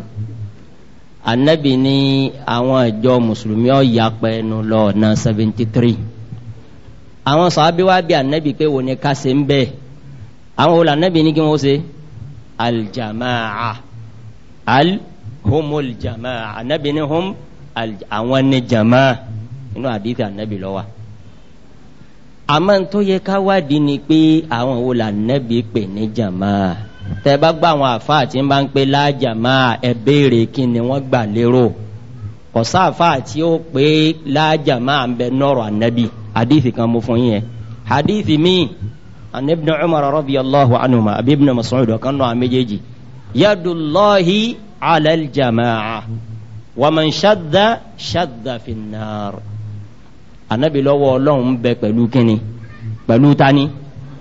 anabi ní àwọn ìjọ mùsùlùmí ọ̀yà pẹ̀lú lọ́ọ̀nà seventy three àwọn sàábí wa bí anabi pé wọ́n ní ká ṣe ń bẹ́ẹ̀ àwọn wòlò anabi ní kí wọ́n ṣe aljamaa alhumul jamaa anabi ní hum àwọn ní jamaa inú àdìtì anabi lọ́wọ́ àmọ́ ntọ́ yẹ ká wádìí ni pé àwọn wòlò anabi pè ní jamaa tẹ bá gbà àwọn àfa àti ń bá ń pe láàjà máa ẹ béèrè kí ni wọ́n gbà lérò kọ̀sá àfa àti ó pé láàjà máa ń bẹ nọ́ọ̀rọ̀ ànábì hadithi kan mo fún yín yẹn hadithi míì anibni umar rabi allahu anuma abi ibn masoud ọ̀kan náà méjèèjì yadullahi alal jamaa waman shadda shadda finnar anabi lọ́wọ́ ọlọ́run bẹ pẹ̀lú kíni pẹ̀lú tani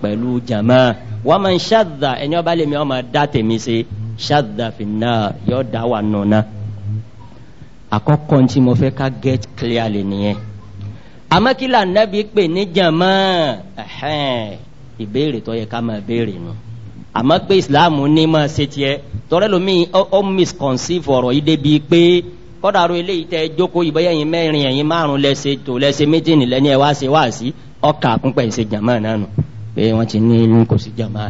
pẹ̀lú jamaa wọ́n máa ń ṣàdà ẹni ọba lèmi ọmọ dá tèmi ṣe ṣàdà fìnnà yóò dá wà nù àkọ́kọ́ tí mo fẹ́ ká get clearly nìyẹn àmọ́ kí là nẹ́bi pè ní jàmọ́ ìbéèrè tó yẹ ká máa béèrè nù àmọ́ pé ìsìláàmù ní máa ṣe tiẹ̀ tọ́rẹ́ lomi ó misconceive ọ̀rọ̀ yìí débi pé kọ́dà ro eléyìí tẹ́ jókòó ìbọn yẹn mẹ́rin ẹ̀yìn márùn lẹ́sẹ̀ tó lẹ́sẹ̀ méjì nìlẹ́ni ẹ̀ wá ṣe wá sí ọkà àkúnpẹ̀ ìṣe jàmọ́ náà nù pé wọ́n ti ní ilé kò sí jamaa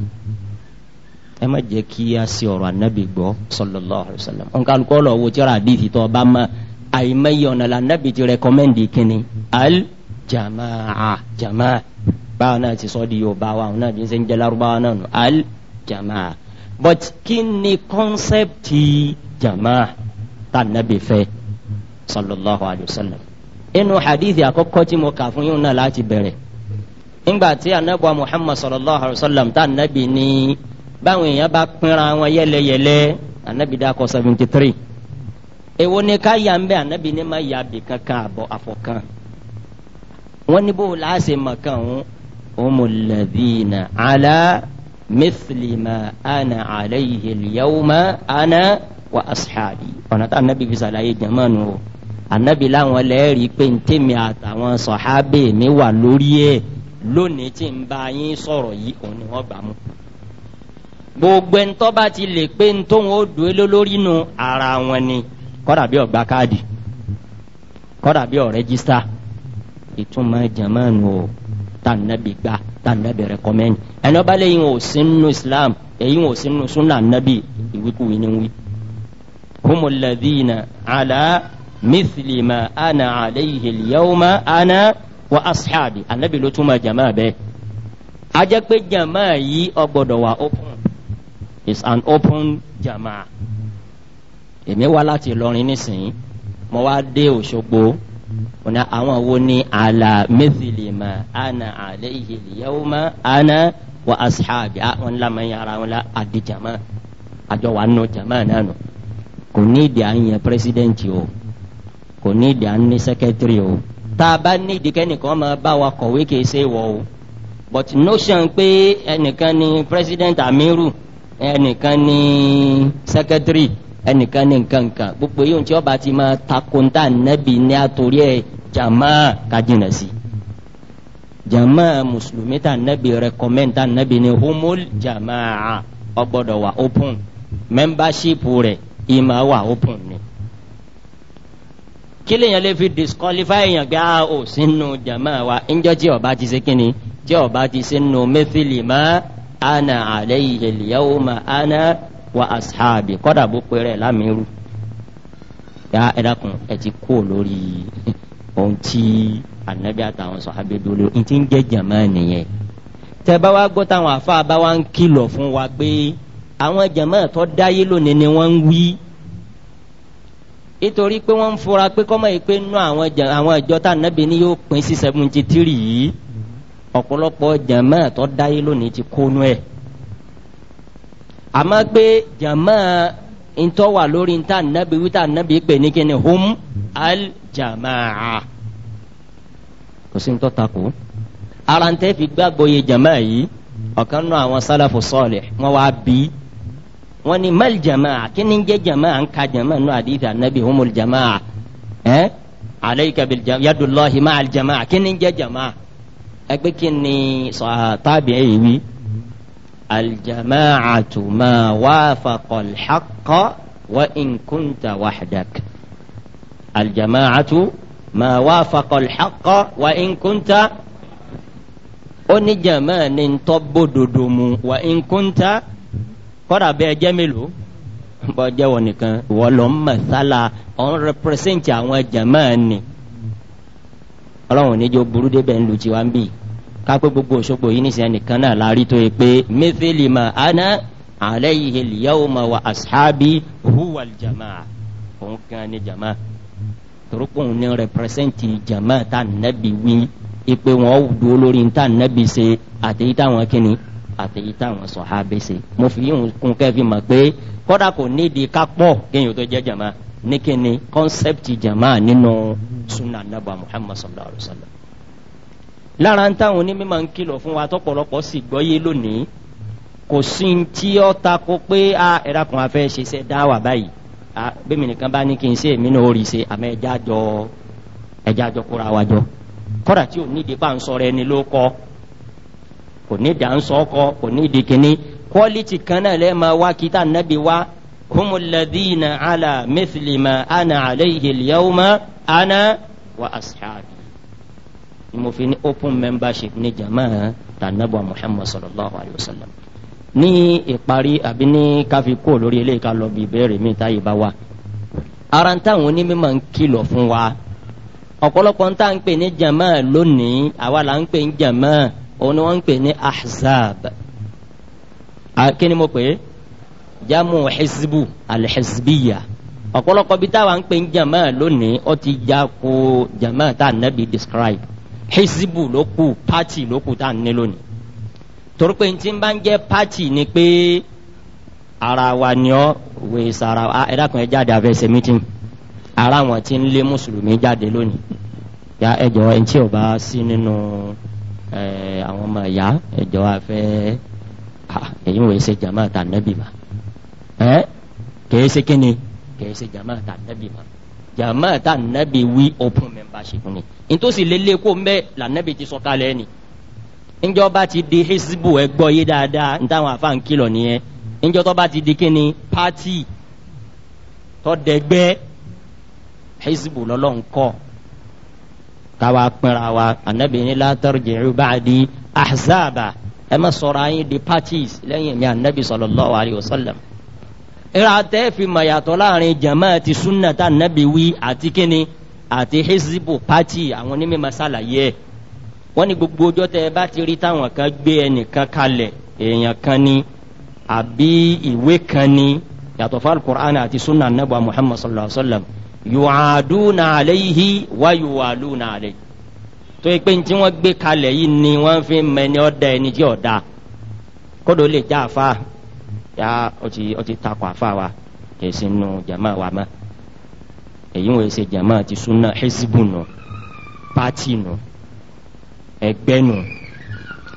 ẹ má jẹ́ kí a sí ọ̀rọ̀ anabi gbọ́ sallallahu alayhi wa sallam nkàlùkọ́ lọ wo tíra àdìsí tó bá ma àyìnbáyé ọ̀nà la anabi ti rẹkọmẹ́ndì kínní al jamaa jamaa báwa náà ti sọ di yorùbá wa àwọn náà ti ń sẹ́ ń jẹ́ lárúbáwa náà nù al jamaa but kí ni kọ́nsẹ́pìtì jamaa tá anabi fẹ́ sallallahu alayhi inú hadithi àkọ́kọ́ tí mo kà fún yín náà láti bẹ̀rẹ̀ ńgbàtí anabuwa muhammad sallallahu alayhi wa sallam tá anabi ní báwọn èèyàn bá pínra wọn yẹlẹyẹlẹ anabi dákọ seventy three èwo ni ká yà ń bẹ anabi ní ma yà bì kankan àbọ̀ àfọ̀kan wọn ní bó o láàṣẹ mọ̀kan òun ọmọ lẹ́bìínà àlá mẹ́fìlìmà àná àlẹ́ ìhèlìyàwó àná wa asxaabi ọ̀nà tá anabi fi sàlàyé jamanu o anabi làwọn lẹ́ẹ̀rí pé ntẹ́mi àtàwọn sọ̀hábẹ́ mi wà lórí ẹ̀ lónìí tí ń bá yín sọ̀rọ̀ yìí òun ni wọ́n gbà mú gbogbo ẹni tó bá ti lè pé ní tóun ó dùn lé lórí nu ara wọn ni kọ́dà bí ọ̀gbá káàdì kọ́dà bí ọ̀rẹ́gísítà ìtumọ̀ jẹ̀mánu o tànàbí gbà tànàbí rẹkọmẹ́ndì ẹni ọba lẹ́yìn ò sí nínú islam ẹ̀yìn ò sí nínú sunna nabi ìwíkúwí ni wí. هم الذين على مثل ما أنا عليه اليوم أنا wa asxaabi anabi ló túmọ̀ jama bẹ́ẹ̀ ajẹ́ pé jama yìí ọgbọ́dọ̀ wà open is an open jama èmi wá láti lọrin nísìnyí mo wá dé òṣogbo ọ̀nà àwọn wo ni àlà mẹ́tìlìmọ̀ àna àlẹ́ ìhìlìyàwó àna wa asxaabi àwọn lamẹ́yìn ara wọn la àdì jama àjọ wa nù jama náà kò ní ìdí à ń yẹ pírẹsidẹ́ǹtì o kò ní ìdí à ń ní sẹ́kẹ́tìrì o tá a bá ní ìdíkẹ́nìkan máa bá wa kọ̀wé kìí ṣe wọ̀ o but notion pé ẹnìkan ni president amiru ẹnìkan ni secretary ẹnìkan ni nkankan gbogbo yóò tí ọba ti máa takunta nẹ́bi ní àtòrí ẹ̀ jama kajina sí jama mùsùlùmí ta nẹ́bi recommend ta nẹ́bi ni humul jama ọgbọ́dọ̀ wa open membership rẹ̀ ìmọ̀ wa open ni kí lèyàn lè fi disqualify èèyàn gbá ah, ò sínú jàmá wa ńjọ́ tí ọba ti ṣe kíni tí ọba ti ṣe mẹ́fìlì mọ́ ana àlẹ́yìí ìlìyàwó mọ́ ana wa ashabi kọ́dà bó pe rẹ̀ lámìírù ya ẹ̀dàkùn ẹ̀ ti kú lórí ohun tí anabi àtàwọn sọ̀hábí dúró ní ti ń jẹ́ jàmá nìyẹn tẹ bá wá gbọ́ táwọn àfa bá wá ń kìlọ̀ fún wa pé àwọn jàmá tó dáyé lónìí ni wọ́n ń wí nítorí pé wọ́n ń fura pé kọ́mọ̀ yìí pé nú àwọn àwọn ìjọ tá nàbí ni yóò pín sí seventy three yìí ọ̀pọ̀lọpọ̀ jàmọ́ tó dáyé lónìí ti kónú ẹ̀ àmọ́ pé jàmọ́ ntọ́ wà lórí ntá nàbí wíta nàbí pè ní kíni hum aljamaa kò sí ntọ́ takò ara ntẹ́ fi gbàgbọ́ yé jàmọ́ yìí ọ̀kan nú àwọn sálàfù sọ́ọ̀lẹ̀ wọ́n wá bí wọ́n ní mal jamaa kíni ń jẹ́ jamaa ń ka jamaa nù àdìsí anabi humul jamaa ẹ́ aleyka bil jamaa yadullahi ma al jamaa kíni ń jẹ́ jamaa ẹgbẹ́ kíni sọ̀tàbí ẹ̀ wí al jamaa tu ma wafaqal wa in kunta wahdak al jamaa tu ma wa in kunta ó ní jamaa ni ń tọ́ bó dodo wa in kunta kọ́dà bẹ́ẹ̀ jẹ́ mélòó bọ́ jẹ́wọ́ nìkan ìwọ lọ ń mọ̀ sálà ọ̀n rẹpẹrẹsẹ̀ntì àwọn jẹ̀mọ́ ni ọlọ́run níjó burú débẹ̀ ń lu tiwa ń bì kápẹ́ gbogbo òṣogbo yìí nìṣẹ́ nìkan náà láàrí tó yẹ pé mẹ́fẹ́lì mà áná àlẹ́ yìí lìyàwó mà wà àṣàbí húwà jàmá òun kan ní jàmá torókùn ní rẹpẹrẹsẹ̀ntì jàmá tá nàbì wí ipe wọn dúró lórí tá nàbì ṣe àtẹ̀yí táwọn kìnnìún àtẹ̀yí táwọn sọ̀hábẹ́ ṣe mo fi yín kún kẹ́fì mọ̀ pé kọ́dà kò nídìí ká pọ̀ kéèyàn tó jẹ́ jàmá ní kíni kọ́nsẹ́pìtì jàmá nínú sunna nabà muhammad sallallahu alayhi wa sallam. lára ń táwọn onímọ̀ ń kìlọ̀ fún wa tọ́pọ̀lọpọ̀ sì gbọ́yé lónìí kò sí tí ó ta ko pé a ẹ̀rọ kan afẹ́ ṣe ṣe dá wà báyìí a bẹ́ẹ̀ mi nìkan bá ní kí n ṣe èmi náà ó ṣe àmọ́ ẹja jọ ẹja jọ kóra wa jọ tí ò nídìí bá ń sọ̀rọ̀ ẹni ló kọ́ kò ní dà ń sọ́kọ kò ní di kínní kọ́lítì kan náà lẹ́ẹ̀ máa wá kíta nàbí wá humu ladina ala mithli ma ana alayhi liyawma ana wa ashabi ni mo fi ní open membership ní jama tanabu muhammad sallallahu alayhi wa sallam ní ìparí àbí ní káfí kó lórí eléyìí ká lọ bí ìbéèrè mi táyé bá wà ara ń táwọn onímọ̀ ń kìlọ̀ fún wa ọ̀pọ̀lọpọ̀ ń tà ń pè ní jama lónìí àwa là ń pè ní jama òun ni wọ́n ń pè ní ahzab kí ni mo pè é jamu hizbu alhizbiya ọ̀pọ̀lọpọ̀ bí táwa ń pè ń jama lónìí ó ti já ko jama tá a nàbí describe hizbu ló kù pati ló kù tá a ní lónìí torí pé ntí bá ń jẹ́ pati ni pé ara wa ni ọ wèé sara ẹ dákun ẹ jáde àfẹsẹ̀ meeting ara wọn ti ń lé mùsùlùmí jáde lónìí ya ẹ jọ ẹ ń tí o bá sí nínú. No àwọn ọmọ ìyá ẹjọ́ afẹ́ èyí wòye ṣe jama ta nẹ́bì ma ẹ kèé ṣe kíni kèé ṣe jama ta nẹ́bì ma jama ta nẹ́bì wí open membership ni nítòsí lélẹ̀ kó mbẹ́ la nẹ́bì ti sọ kalẹ̀ ni njọba ti di hezbo ẹgbọ́ yé dáadáa ntàwọn afa nkìlọ̀ nìyẹn njọba ti di kíni pati tọ́dẹ̀gbẹ́ hezbo lọ́lọ́ nkọ́ káwa pẹ́ra wa anabi ni látọ̀rọ̀jẹ̀rù báàdì ahzaba ẹ má sọ̀rọ̀ ayé di parties lẹ́yìn mi anabi sallallahu alayhi wa sallam. ìrà tẹ́ fi mayàtọ̀ láàrin jama ti sunna ta anabi wi àti kíni àti hezbo party àwọn onímọ̀ masalaye ẹ̀ wọ́n ní gbogbo ọjọ́ tẹ́ ẹ bá ti rí táwọn kan gbé ẹnìkan kalẹ̀ èèyàn kan ni àbí ìwé kan ni yàtọ̀ fún alukur'an àti sunna anabi wa muhammad sallallahu alayhi wa sallam. yu'aduna alayhi wa yuwaluna alayhi tó yẹ pé ní tí wọ́n gbé kalẹ̀ ni wọ́n fi mẹ́ni ọ̀dà ẹni tí ọ̀dà kódò lè já àfa ya ọtí ọtí takọ àfa wa kìí ṣe nu jama wa ma èyí wọ́n ṣe jama ti suna hezbu nù pati nù ẹgbẹ́ nù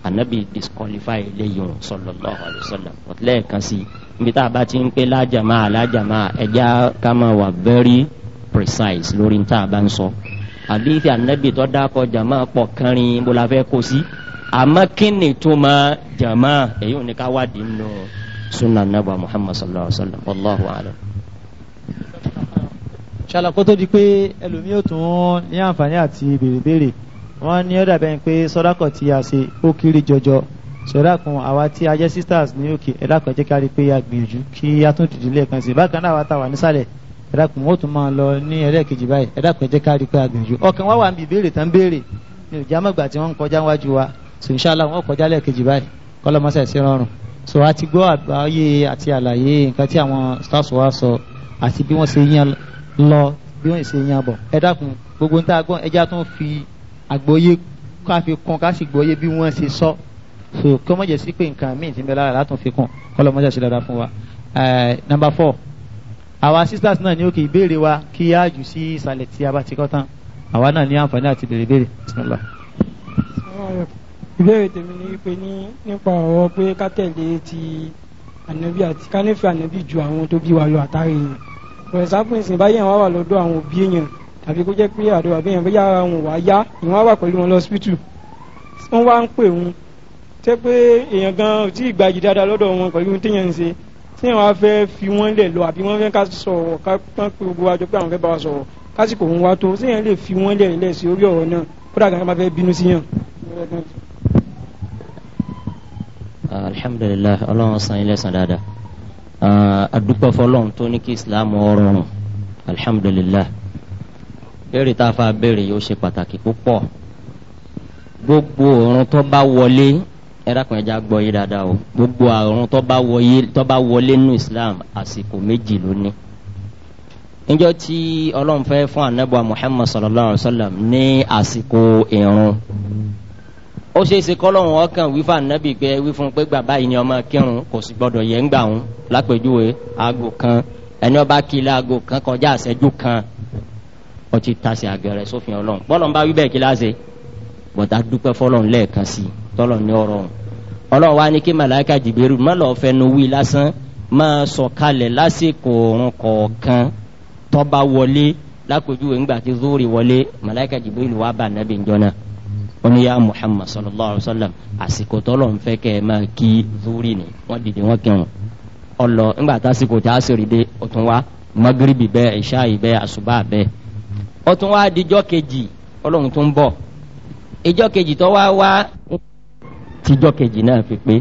anabi disqualify eléyìí wọn sallallahu alaihi wasallam ọtí lẹ́ẹ̀kan sí ibi tá a bá ti ń pé lájàmá lájàmá ẹja ká máa wà bẹ́rí. precise lórí ní tá a bá ń sọ àdéhìí ànábì tó dákọ jama pọ̀ kẹrin bó la fẹ́ kó sí àmọ́ kí tó ma jama èyí ò ní ká wá dín nù sunna nabà muhammad sallallahu alaihi wa sallam allahu alam. ṣàlàkó tó di pé ẹlòmíì ò tún ní àǹfààní àti bèrèbèrè wọn ní ọ̀dà bẹ́ẹ̀ pé sọ́dákọ̀ tí a ṣe ó kiri jọjọ sọ̀rọ̀ àwa tí a jẹ́ sisters ní òkè ẹ̀dá kan jẹ́ ká rí i pé a gbìyànjú kí a tún dìde lẹ́ẹ̀kan sí i bákan náà àwa tá a wà nísàlẹ̀ ẹ̀dàkùn wọ́n tún máa lọ ní ẹlẹ́ẹ̀kejì báyìí ẹ̀dàkùn ẹ̀jẹ̀ ká rí pé agbìyànjú ọkàn wá wà ń bi ìbéèrè tán béèrè ní ìjà mọ́gbà tí wọ́n ń kọjá wájú wa so inṣàlá wọn kọjá lẹ́ẹ̀kejì báyìí kọ́lọ́mọsẹ̀ sí rọrùn so a ti gbọ́ àgbáyé àti àlàyé nǹkan tí àwọn stars wa sọ àti bí wọ́n ṣe yan lọ bí wọ́n ṣe yan bọ̀ ẹ̀dàkùn gbogbo ń tá a gbọ́ ẹja tó so kí wọ́n mọ̀jẹ̀ sí pé nǹkan míì ti ń bẹ number four àwa sisters náà ní òkè ìbéèrè wa kí á jù sí ìsàlẹ̀ tí a bá ti kọ́ tán àwa náà ní àǹfààní àti béèrè béèrè. ìbéèrè tèmi ni pé ní nípa ọ̀rọ̀ pé ká tẹ̀lé ti ànábì àti ká nífẹ̀ẹ́ ànábì ju àwọn tó bí wa lọ àtàrí yẹn for example ìsìn báyìí ẹ̀ wá wà lọ́dọ̀ àwọn òbí èèyàn tàbí kó jẹ́ pé àdó àbí èèyàn bóyá ara wọn wá yá ìwọ́n wà pẹ̀lú wọn lọ wọ́n wá ń pè wọn tẹ́ pé èèyàn gan ò tí ì gbàjì dáadáa lọ́dọ̀ wọn pẹ̀lú téèyàn ń ṣe tí wọn fẹ́ fi wọn lẹ̀ lọ àbí wọn fẹ́ ká sọ̀rọ̀ ká pọ́n pé gbogbo àjọ pé àwọn fẹ́ bá wa sọ̀rọ̀ kásìkò òun wá tó tí yẹn lè fi wọn lẹ̀ lẹ̀ sí orí ọ̀rọ̀ náà kódà kan bá fẹ́ bínú sí yàn. alhamdulilayi ọlọ́run san ilé san dáadáa adúpẹ́ fọlọ́run tó ní kí islam ọrọ̀rùn alhamdulilayi béèrè tá a fa béèrè yóò ṣe pàtàkì púpọ̀ gbogbo òrùn tó bá wọlé ẹ̀rákùn ẹja gbọ́ yé dáadáa o gbogbo àrùn tó bá wọlé nínú islam àsìkò méjì lónìí níjọ́ tí ọlọ́run fẹ́ fún anábọ̀ muhammad sallallahu alayhi wa sallam ní àsìkò ìrún ó ṣe é ṣe kọ́lọ́run ọkàn wífà nábì pé wí fún pé bàbá yìí ni ọmọ kírun kò sì gbọ́dọ̀ yẹ ń gbà ń lápèjúwe aago kan ẹni ọba kí ilé aago kan kọjá àṣẹjú kan ọtí tasẹ̀ àgẹ̀rẹ̀ sófin ọlọ́run bọ́lọ̀ ń bá wí bẹ́ẹ̀ kí láṣẹ bọ̀dá dúpẹ́ fọlọ́run lẹ́ẹ̀kan sí i tọ́lọ̀ ní ọ̀rọ̀ ọlọ́run wa ni kí màláìka jìbìrì má lọ́ọ́ fẹnu wí lásán máa sọ̀kalẹ̀ lásìkò òrùn kọ̀ọ̀kan tọ́ba wọlé lápèjúwe ńgbà tí zúrì wọlé màláìka jìbìrì wà bá nàbì njọ́ náà oníyà muhammad sallallahu alayhi wa sallam àsìkò tọ́lọ̀ ń fẹ́ kẹ́ ẹ máa ni wọ́n dìde wọ́n kírun ọlọ ńgbà tásìkò tá a sèrè dé ó tún wá magrebi bẹ́ẹ̀ ìṣáàyè bẹ́ẹ̀ àṣùbà bẹ́ẹ̀ ó tún wá dijọ́ kejì ọlọ́run tún bọ̀ ìjọ́ kejì tó wá tíjọ́ kejì náà fi pé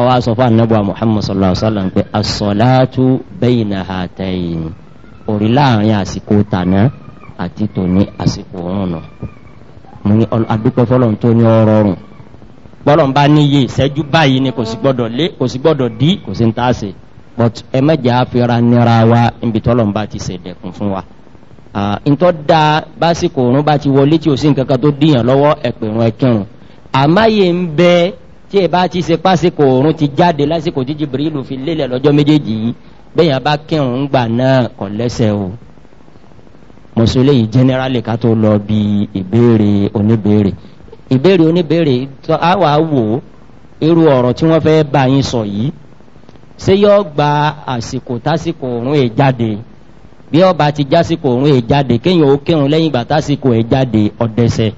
ọwọ́ aṣọ fún muhammad sallallahu alayhi wa sallam pé asọ̀láàtú bẹ́yìn náà ha tẹ̀yìn orí láàrin àsìkò tàná àti tòní àsìkò òórùn nù mo ní adúpẹ́ fọlọ́n tó ní ọ̀rọ̀ rùn bọ́lọ̀ bá níyì ìṣẹ́jú báyìí ni kò sì gbọ́dọ̀ lé kò sì gbọ́dọ̀ dí kò sì ń tà sí but ẹ mẹ́jà fira nira wa níbi tọ́lọ̀ ń bá ti ṣèdẹ̀kùn fún wa ntọ́ da básìkò òórùn bá ti wọlé tí o sì ń kankan tó díyàn lọ́wọ́ ẹ̀pẹ̀rún ẹ̀kẹrùn àmáyé ń bẹ tí ẹ bá ti ṣe pásíkò òórùn ti jáde lásìkò tí jibrilu fi lélẹ̀ lọ́jọ́ méjèèjì yìí bẹ́yìn abá kírun ń gbà náà kọ̀ lẹ́sẹ̀ o mùsùlùmí yìí jẹ́nẹ́rálì ká tó lọ bí ìbéèrè oníbéèrè ìbéèrè oníbéèrè tó a wà wò irú ọ̀rọ̀ tí wọ́n fẹ́ bá yín sọ yìí ṣé yọ gba àsìkò tásìkò òórùn ẹ̀ jáde bí ọba ti jásìkò òórùn ẹ̀ jáde kéèyàn ó kírun lẹ́yìn ìgbà tásìkò ẹ̀ jáde ọ̀dẹ́sẹ̀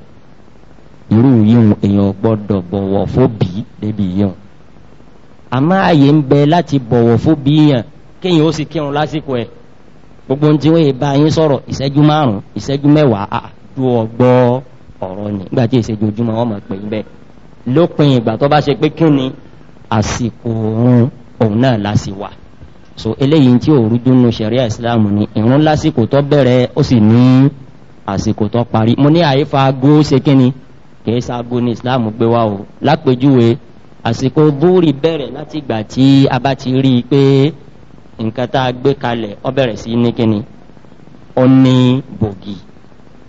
irú yíhun èèyàn gbọ́dọ̀ bọ̀wọ̀ fóbi débi yíhun àmọ́ ààyè ń bẹ láti bọ̀wọ̀ fóbi yàn kéèyàn ó sì kírun lásìkò ẹ̀ gbogbo ohun tí wọ́n yìí bá yín sọ̀rọ̀ ìṣẹ́jú márùn ìṣẹ́jú mẹ́wàá àdó ọgbọ́ ọ̀rọ̀ ni nígbà tí ìṣẹ́jú ojúmọ́ wọn mọ̀ pé ń lópin ìgbà tó bá ṣe pé kí ni àsìkò òun òun náà láti wà so eléyìí tí òrújú nu sẹ̀ríà ìsìláàmù ni ìrún lásìkò tó bẹ̀rẹ̀ ó sì ní àsìkò tó parí mo ní àyífa agó ṣe kí ni kìí ṣaago ní islam gbé wa o lápèjúwe àsìkò búrì bẹ̀rẹ̀ láti ìgbà tí a bá ti rí i pé nǹkan tá a gbé kalẹ̀ ọ bẹ̀rẹ̀ sí ní kíni ó ní bògì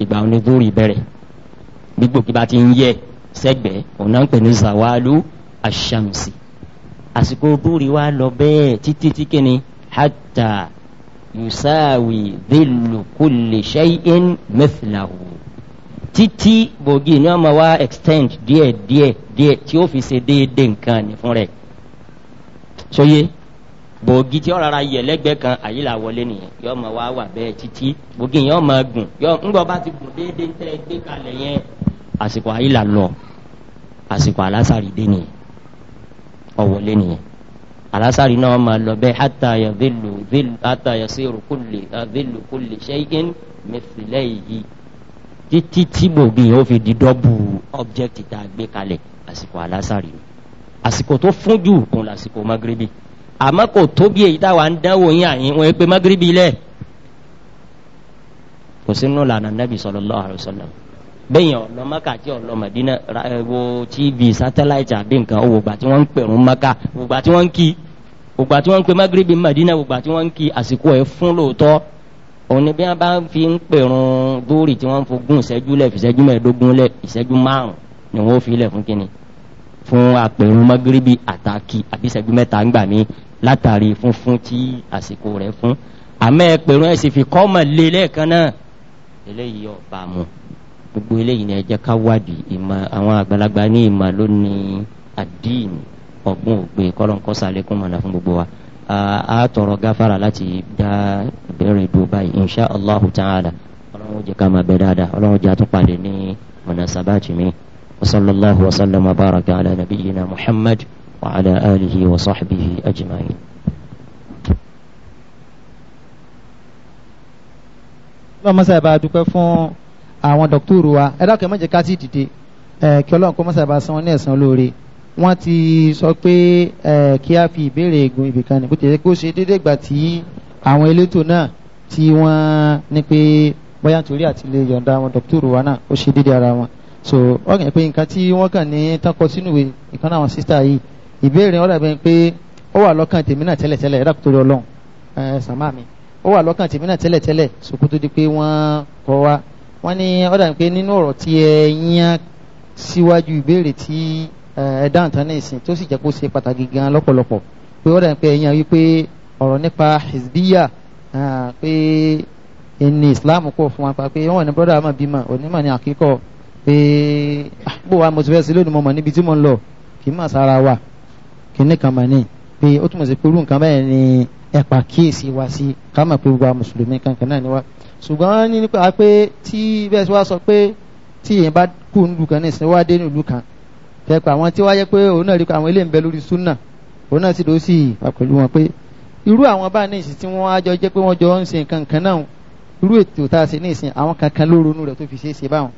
ìgbà òní búrì bẹ̀rẹ̀ bí gbòkì bá ti ń yẹ sẹ́gbẹ̀ẹ́ òun náà ń pè ní zawalu ashamsi àsìkò búrì wa lọ bẹ́ẹ̀ títí tí kíni hata yusawi dhilu kulli títí bògì ni wọ́n máa wá extend díẹ̀ díẹ̀ díẹ̀ tí ó fi ṣe déédéé nǹkan ní fún rẹ̀ sóye bògì tí ó rárá yẹ lẹ́gbẹ̀ẹ́ kan àyè là wọlé nìyẹn yọ máa wá wà bẹ́ẹ̀ títí bògì yẹn máa gùn yọ ńgbọ́ bá ti gùn déédéé tẹ́ ẹ gbé kalẹ̀ yẹn àsìkò àyè là lọ àsìkò alásàrì dé nìyẹn ọ̀wọ́lé nìyẹn alasari náà ma lọ bẹ hata ya vilu vilu hata ya seeru kulli vilu kulli seyidin mẹfilẹ yìí títí tí gbòógì yẹn ó fi di dọ́bù ọ́bjẹ́kìtì tá a gbé kalẹ̀ àsìkò alásàrì ni àsìkò tó fún jù kún lásìkò magrebi àmọ́ kò tóbi èyí táwa ń dánwò yín àyín wọn pé magrebi lẹ̀ kò sínú lànà nàbì sọlọ lọ àrùn sọlọ bẹ́yìn ọ̀lọ́ maka tí ọ̀lọ́ madina wo tv satellite àbí nǹkan ó wògbà tí wọ́n ń pèrún maka wògbà tí wọ́n ń kí wògbà tí wọ́n ń pe magrebi madina wògbà tí wọ́n ń kí àsìkò ẹ̀ fún lóòótọ́ òní bí wọn bá fi ń pèrún búrì tí wọn ń fogún ìṣẹ́jú lẹ̀ fi ìṣẹ́jú mẹ́ẹ̀ẹ́dógún lẹ̀ ìṣẹ́jú márùn ni wọn ó fi lẹ̀ fún kínní fún apẹ̀rún magrebi àtàkì àbí ìṣẹ́jú mẹ́ta ń gbà mí látàrí funfun tí àsìkò rẹ̀ fún àmọ́ ẹ̀pẹ̀rún ẹ̀sìn fi kọ́ mọ̀ lé lẹ́ẹ̀kan náà eléyìí ọba mu gbogbo eléyìí ni ẹ jẹ́ ká wádìí ìmọ̀ àwọn àgbàlagbà ní ìmọ̀ lónìí àdín ọ̀gbun ògbé kọ́lọ́ńkọ́sálẹ́kùn mọ̀nà fún gbogbo wa a tọrọ gáfara láti dá bẹ̀rẹ̀ dùn báyìí insha allah ta'ala ọlọ́run jẹ́ ká máa bẹ̀ dáadáa ọlọ́run jẹ́ àtúpalẹ̀ ní munasabati mi wasallallahu wasallam abaraka ala nabiyina muhammad wa ala alihi wa sahbihi ajma'in. lọ́mọ́sá ẹ̀ bá a dúpẹ́ fún àwọn dọ́kítọ́rù wa ẹ dákẹ́ mọ́jẹ́ ká dìde kí ọlọ́run kó mọ́sá ẹ̀ bá ní ẹ̀san olóore wọ́n ti sọ pé kí a fi ìbéèrè egun ibìkan ní bó ti yẹ kó ṣe déédéé gbà tí àwọn elétò náà tí wọ́n ní pé bóyá nítorí àti lè yọ̀ǹda àwọn dọ́kítọ̀rù wa náà ó ṣe déédéé ara wọn so wọ́n kàn pé nǹkan tí wọ́n kàn ní tánkọ sínú ìwé ìkan náà àwọn sísítà yìí ìbéèrè wọn dàbẹ̀ pé ó wà lọ́kàn tèmi náà tẹ́lẹ̀tẹ́lẹ̀ ẹ̀dá kòtò ọlọ́run sàmá mi ó wà lọ́kàn tèmi náà tẹ́lẹ̀tẹ́lẹ̀ sòkò tó di pé wọ́n kọ́ wa wọ́n ní ó dàbẹ̀ pé nínú ọ̀rọ̀ tí ẹ yán síwájú ìbéèrè tí Eh, ẹ̀dá nǹkan ní ìsìn tó sì jẹ́ kó ṣe pàtàkì gan lọ́pọ̀lọpọ̀ pé ó dàbí pé ẹ̀yin àwọn wípé ọ̀rọ̀ nípa hizbiya pé ẹni islam kọ̀ fún wa pa pé wọ́n ní brọ́dà àmọ́ bímọ onímọ̀ ní àkíkọ̀ pé ah, bó wa mo ti fẹ́ sí lónìí mo mọ̀ níbi tí mo ń lọ kì í mọ̀ sára wa kì í nìkan mọ̀ ní pé ó túmọ̀ sí pé irú nǹkan bẹ́ẹ̀ ni ẹ̀pà kíyèsí wa sí ká mọ̀ pé gbogbo mùsùlùmí kankan náà ni wa ṣùgbọ́n ní nípa pé tí bẹ́ẹ̀ sọ pé tí èèyàn bá kú nílùú kan ní ìsinwó adé nílùú kan tẹ́pẹ́ àwọn tí wáyé pé òun náà rí pé àwọn ilé ń bẹ lórí súnà òun náà sì ló sì wà pẹ̀lú wọn pé irú àwọn bá ní ìsìn tí wọ́n á jọ jẹ́ pé wọ́n jọ ń ṣe nǹkan kan náà irú ètò tá a ṣe ní ìsìn àwọn kankan ló ronú rẹ̀ tó fi ṣe é ṣe báwọn.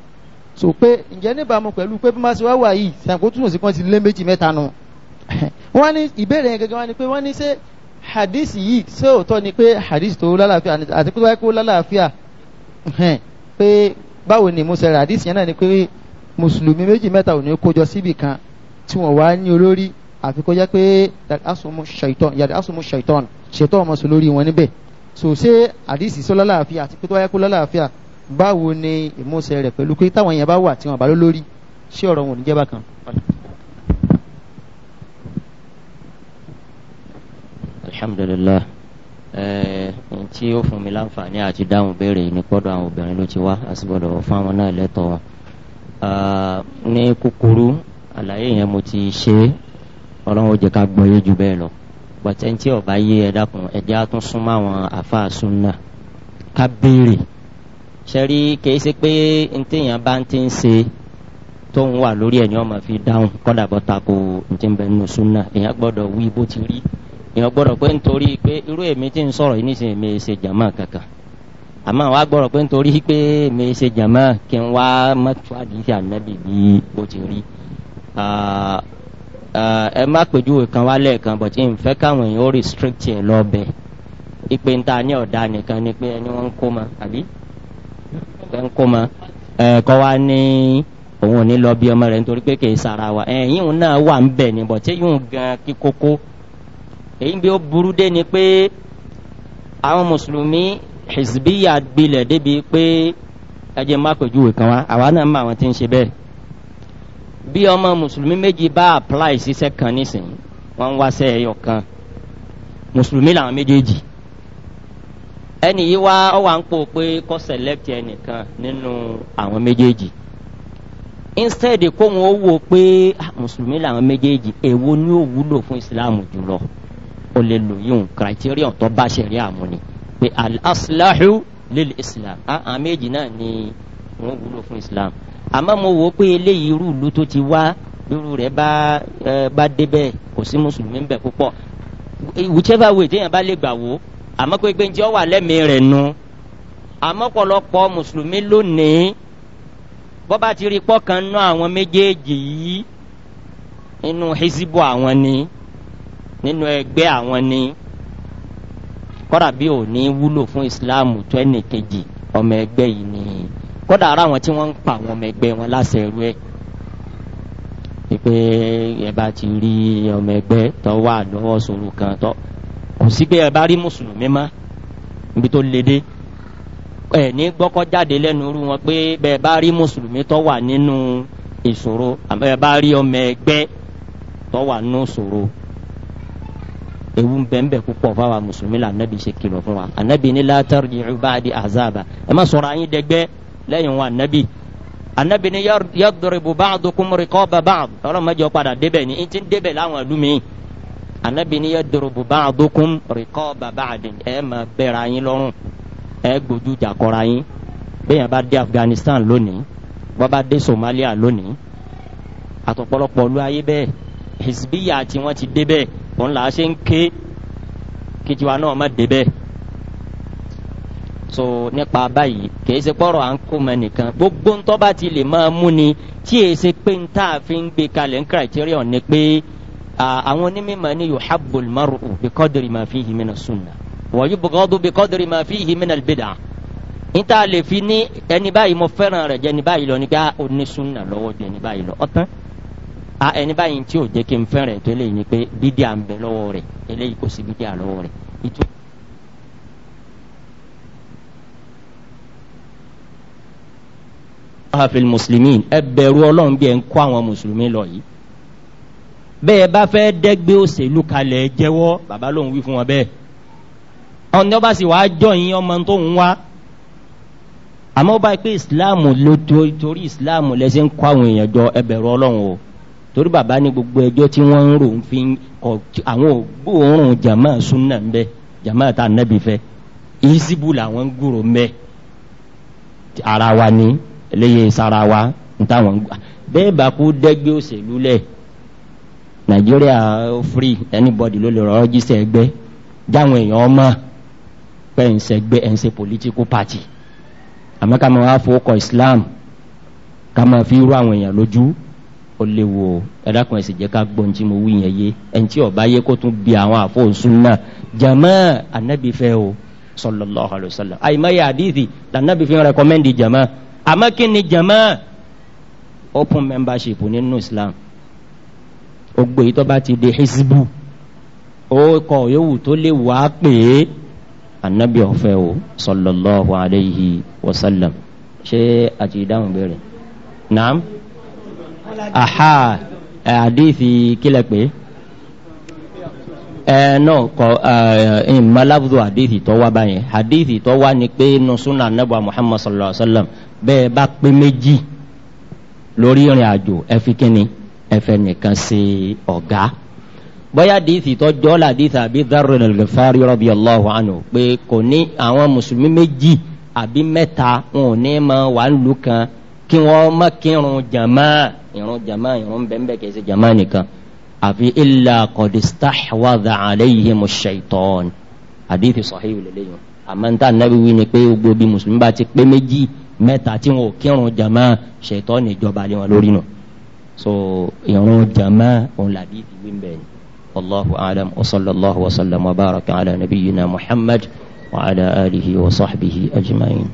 so pé ǹjẹ́ níbàámu pẹ̀lú pé bí wọ́n ṣe wá wà yìí sàǹkó túnmọ̀ sí pé wọ́n ti lé méjì mẹ́ta nù. wọ́n ní ìbéèrè yẹn gẹ́gẹ́ wọ́n ní pé wọ́n ní ṣé hadith yìí ṣé ni pé hadith tó lálàáfíà àti pé báwo ni mo ṣe rà hadith yẹn náà ni pé mùsùlùmí méjì mẹ́ta ò ní kójọ síbì kan tí wọ́n wá ní olórí àfi kó jẹ́ pé yàtọ̀ asumu shaitan shaitan ọmọ sùn lórí wọn níbẹ̀ so ṣé àdìsí sọ lálàáfíà àti pé tó wáyé kó lálàáfíà báwo ni ìmúṣẹ rẹ̀ pẹ̀lú pé táwọn yẹn bá wà tí wọ́n bá ló lórí ṣé ọ̀rọ̀ wọn ò ní jẹ́ bákan. alhamdulilah ẹẹ tí ó fún mi láǹfààní àti dáhùn béèrè ní gbọ́dọ̀ àwọn obìnrin ló ti wá àti fún àwọn náà lẹ́tọ̀ọ́ wọn ní kúkúrú àlàyé yẹn mo ti ṣe ọlọ́run ó jẹ́ ká gbọ́ yé jù bẹ́ẹ̀ lọ bàtẹ́ tí ọba yé ẹ dákun ẹ̀dẹ́ á tún súnmọ́ àwọn àáfàá súnà ká béèrè ṣẹ́rí kìí ṣe pé ntẹ̀yìn bá ń ti ń ṣe tó ń wà lórí ẹ̀yìn ọmọ fi dáhùn kọ́dà bọ́ tako ntí ń bẹ nínú èèyàn gbọ́dọ̀ wí bó ti rí èèyàn gbọ́dọ̀ pé nítorí pé irú èmi tí ń sọ̀rọ̀ yìí nísìnyí mi ṣe jàmá kankan àmọ́ àwa gbọ́dọ̀ pé nítorí pé mi ṣe jàmọ́ kí n wá mọ́tò àdìsí ànábì bí bó ti rí ẹ má pèjúwe kan wá lẹ́ẹ̀kan but n fẹ́ káwọn èèyàn ó restrict ọ̀dà nìkan ni pé ẹni wọ́n ń ma àbí ẹ̀ ń kó ẹ̀ kọ́ wa ní òun ò ní lọ bí ọmọ rẹ nítorí pé kì í sara wa ẹ̀yìn òun wà ń ni but gan hizbiya gbilẹ̀ débi pé ẹjẹ́ má pèjúwe kan wá àwa náà mọ àwọn tí ń ṣe bẹ́ẹ̀ bí ọmọ mùsùlùmí méjì bá apply ṣiṣẹ́ kan nísìnyí wọ́n ń wáṣẹ́ ẹyọ kan mùsùlùmí làwọn méjèèjì ẹnì yìí wá ọ wà ń pò pé kọ́ select ẹnìkan nínú àwọn méjèèjì instead kóhun ó wò pé ah, mùsùlùmí làwọn méjèèjì èwo ni ó wúlò fún islam jùlọ o lè lò yíyún criterion tó bá ṣẹ̀rí àmúni pé al-aslahu lil islam ah, àwọn méjì náà ni wọ́n wúlò fún islam àmọ́ mo wò ó pé eléyìí irú ìlú tó ti wá irú rẹ̀ bá bá débẹ̀ kò sí mùsùlùmí bẹ̀ púpọ̀ whichever way téèyàn bá lè gbà wò àmọ́ pé pé njẹ́ ọ wà lẹ́mìí rẹ̀ nu àmọ́ pọ̀lọpọ̀ mùsùlùmí lónìí bọ́ba ti rí pọ́kàn ná àwọn méjèèjì yìí nínú hezibọ́ àwọn ni nínú ẹgbẹ́ àwọn ni. Nínú kọ́dà bí ò ní wúlò fún islam tó ẹnì kejì ọmọ ẹgbẹ́ yìí ni kọ́dà ara wọn tí wọ́n ń pa àwọn ọmọ ẹgbẹ́ wọn láṣẹ ẹrú ẹ̀ pé ẹ bá ti rí ọmọ ẹgbẹ́ tó wà lọ́wọ́ sòrò kan tó kò sí pé ẹ bá rí mùsùlùmí mọ́ níbi tó léde ẹ ní gbọ́kọ́ jáde lẹ́nu rú wọn pé bẹ́ẹ̀ bá rí mùsùlùmí tó wà nínú ìṣòro àbẹ́ bá rí ọmọ ẹgbẹ́ tó wà nínú ìṣòro ewu bẹ́ẹ̀nbẹ́ẹ́ púpọ̀ fáwa mùsùlùmí la anabi ṣe kìlọ̀ fún wa anabi ni látàrí ìbáàdì àzáàbà ẹ má sọ̀rọ̀ àyín dẹgbẹ́ lẹ́yìn wọn anabi anabi ni yaduribu baadu kumuri kọba baadu ọlọ́run mẹ́jọ padà débẹ̀ ni n ti débẹ̀ láwọn ìlú mi anabi ni yaduribu baadu kumuri kọba baadu ẹ má bẹ̀rẹ̀ àyín lọ́rùn ẹ gbójú jàkọ́ra yín bẹ́ẹ̀ yẹn bá dé afghanistan lónìí wọ́n bá dé somalia lónìí àtọ̀pọ̀lọpọ̀ lu ayé bẹ́ẹ̀ hezbiya tí wọ́n ti dé òun là á ṣe ń ké kí náà má débẹ̀ so nípa báyìí kìí ṣe pọ́rọ̀ à ń kó mọ nìkan gbogbo ń tọ́ba ti lè máa mú ni tí èyí ṣe pé ń tá a fi ń gbé kalẹ̀ ń criterion ni pé àwọn onímọ̀ ni yóò habbo maru bí kọ́dìrì máa fi hìmínà sunna wọ́n yóò bọ̀gọ́dù bí kọ́dìrì máa fi hìmínà bìdà ń tá a lè fi ní ẹni báyìí mo fẹ́ràn rẹ̀ jẹ́ ẹni báyìí lọ ah, nígbà onísunna lọ́wọ́ ju ẹni báyìí lọ ọ̀tán a ẹni báyìí tí ò jẹ́ kí n fẹ́rẹ̀ tó eléyìí ni pé bídíà ń bẹ lọ́wọ́ rẹ̀ eléyìí kò sí bídíà lọ́wọ́ rẹ̀ ìtú. hafi ah, mùsùlùmí ẹ bẹ̀rù ọlọ́run bí ẹ ń kó àwọn mùsùlùmí lọ yìí bẹ́ẹ̀ bá fẹ́ dẹ́gbẹ́ òṣèlú kalẹ̀ jẹ́wọ́ bàbá lòun wí fún wọn bẹ́ẹ̀ ọ̀nà ọba sì wàá jọyìn ọmọ tó ń wá àmọ́ bá pé ìsìláàmù ló torí ìsìláàmù lẹ́sẹ̀ ń kó àwọn èèyàn jọ ẹ bẹ̀rù o. torí bàbá ní gbogbo ẹjọ́ tí wọ́n ń rò ń fi àwọn ògbóòrùn jama sunna ń bẹ jama ta nabi fẹ ìsibú làwọn ń gbúrò ń bẹ ara wa ni eléyìí sara wa ń táwọn ń gbà bẹ́ẹ̀ bá kú dẹ́gbẹ́ òṣèlú lẹ̀ nàìjíríà free anybody ló lè rọ́ jísẹ̀ ẹgbẹ́ jáwọn èèyàn ọmọ pé ń sẹgbẹ́ ẹ̀ ń ṣe political party àmọ́ ká máa wá fowókọ̀ islam ká máa fi rú àwọn èèyàn lójú. ó léwu o ẹ̀dákùnrin sì jẹ́ ká gbọ́n tí mo wí yẹn yé ẹni tí ọba yẹ kó tún bi àwọn àfọ̀nsún náà jama anabi fẹ́ o sallallahu alayhi wa sallam àyìnbáyé àdìsí lànàbí fi rẹkọmẹ́ndì jama àmọ́ ni jama open membership nínú islam ogbe yìí tó bá ti di hizbu ó kọ yòówù tó lè wá pé anabi ọ̀fẹ́ o sallallahu alayhi wa sallam ṣé àti ìdáhùn bẹ̀rẹ̀ naam àhà àdífi kílẹ̀ pé ẹ̀nà kọ ìmọ̀lábùdó àdífi tó wá báyẹn àdífi tó wá ni pé nùsùnà nẹ́bà muhammad sallallahu alaihi wa sallam bẹ́ẹ̀ bá pé méjì lórí ìrìn àjò ẹ̀fi kíni ẹ̀fẹ̀ nìkan sí ọ̀gá bóyá àdífi tó jọ́ làdífi àbí dárò nàlùfáàrí rọ́bì ọlọ́hu àná pé kò ní àwọn mùsùlùmí méjì àbí mẹ́ta wọn ò ní mọ wàá kan kí wọ́n mọ́ kírun jàmáà ìrún jama ìrún bẹ́ẹ̀ kìí ṣe jama nìkan àfi ilà kọ̀dìstà wàdà àlẹ́yìí mu ṣètọ́n àdìsí sọ̀híwì lélẹ́yìn àmọ́ níta nàbí wí ni pé gbogbo bí mùsùlùmí bá ti pé méjì mẹ́ta tí wọn ò kírun jama ṣètọ́n ìjọba lé wọn lórí nù so ìrún jama òun làdìsí wí bẹ́ẹ̀ ni wàlláhu alam wa sallallahu wa sallam wa baraka ala nabiyina muhammad wa ala alihi wa sahbihi ajma'in.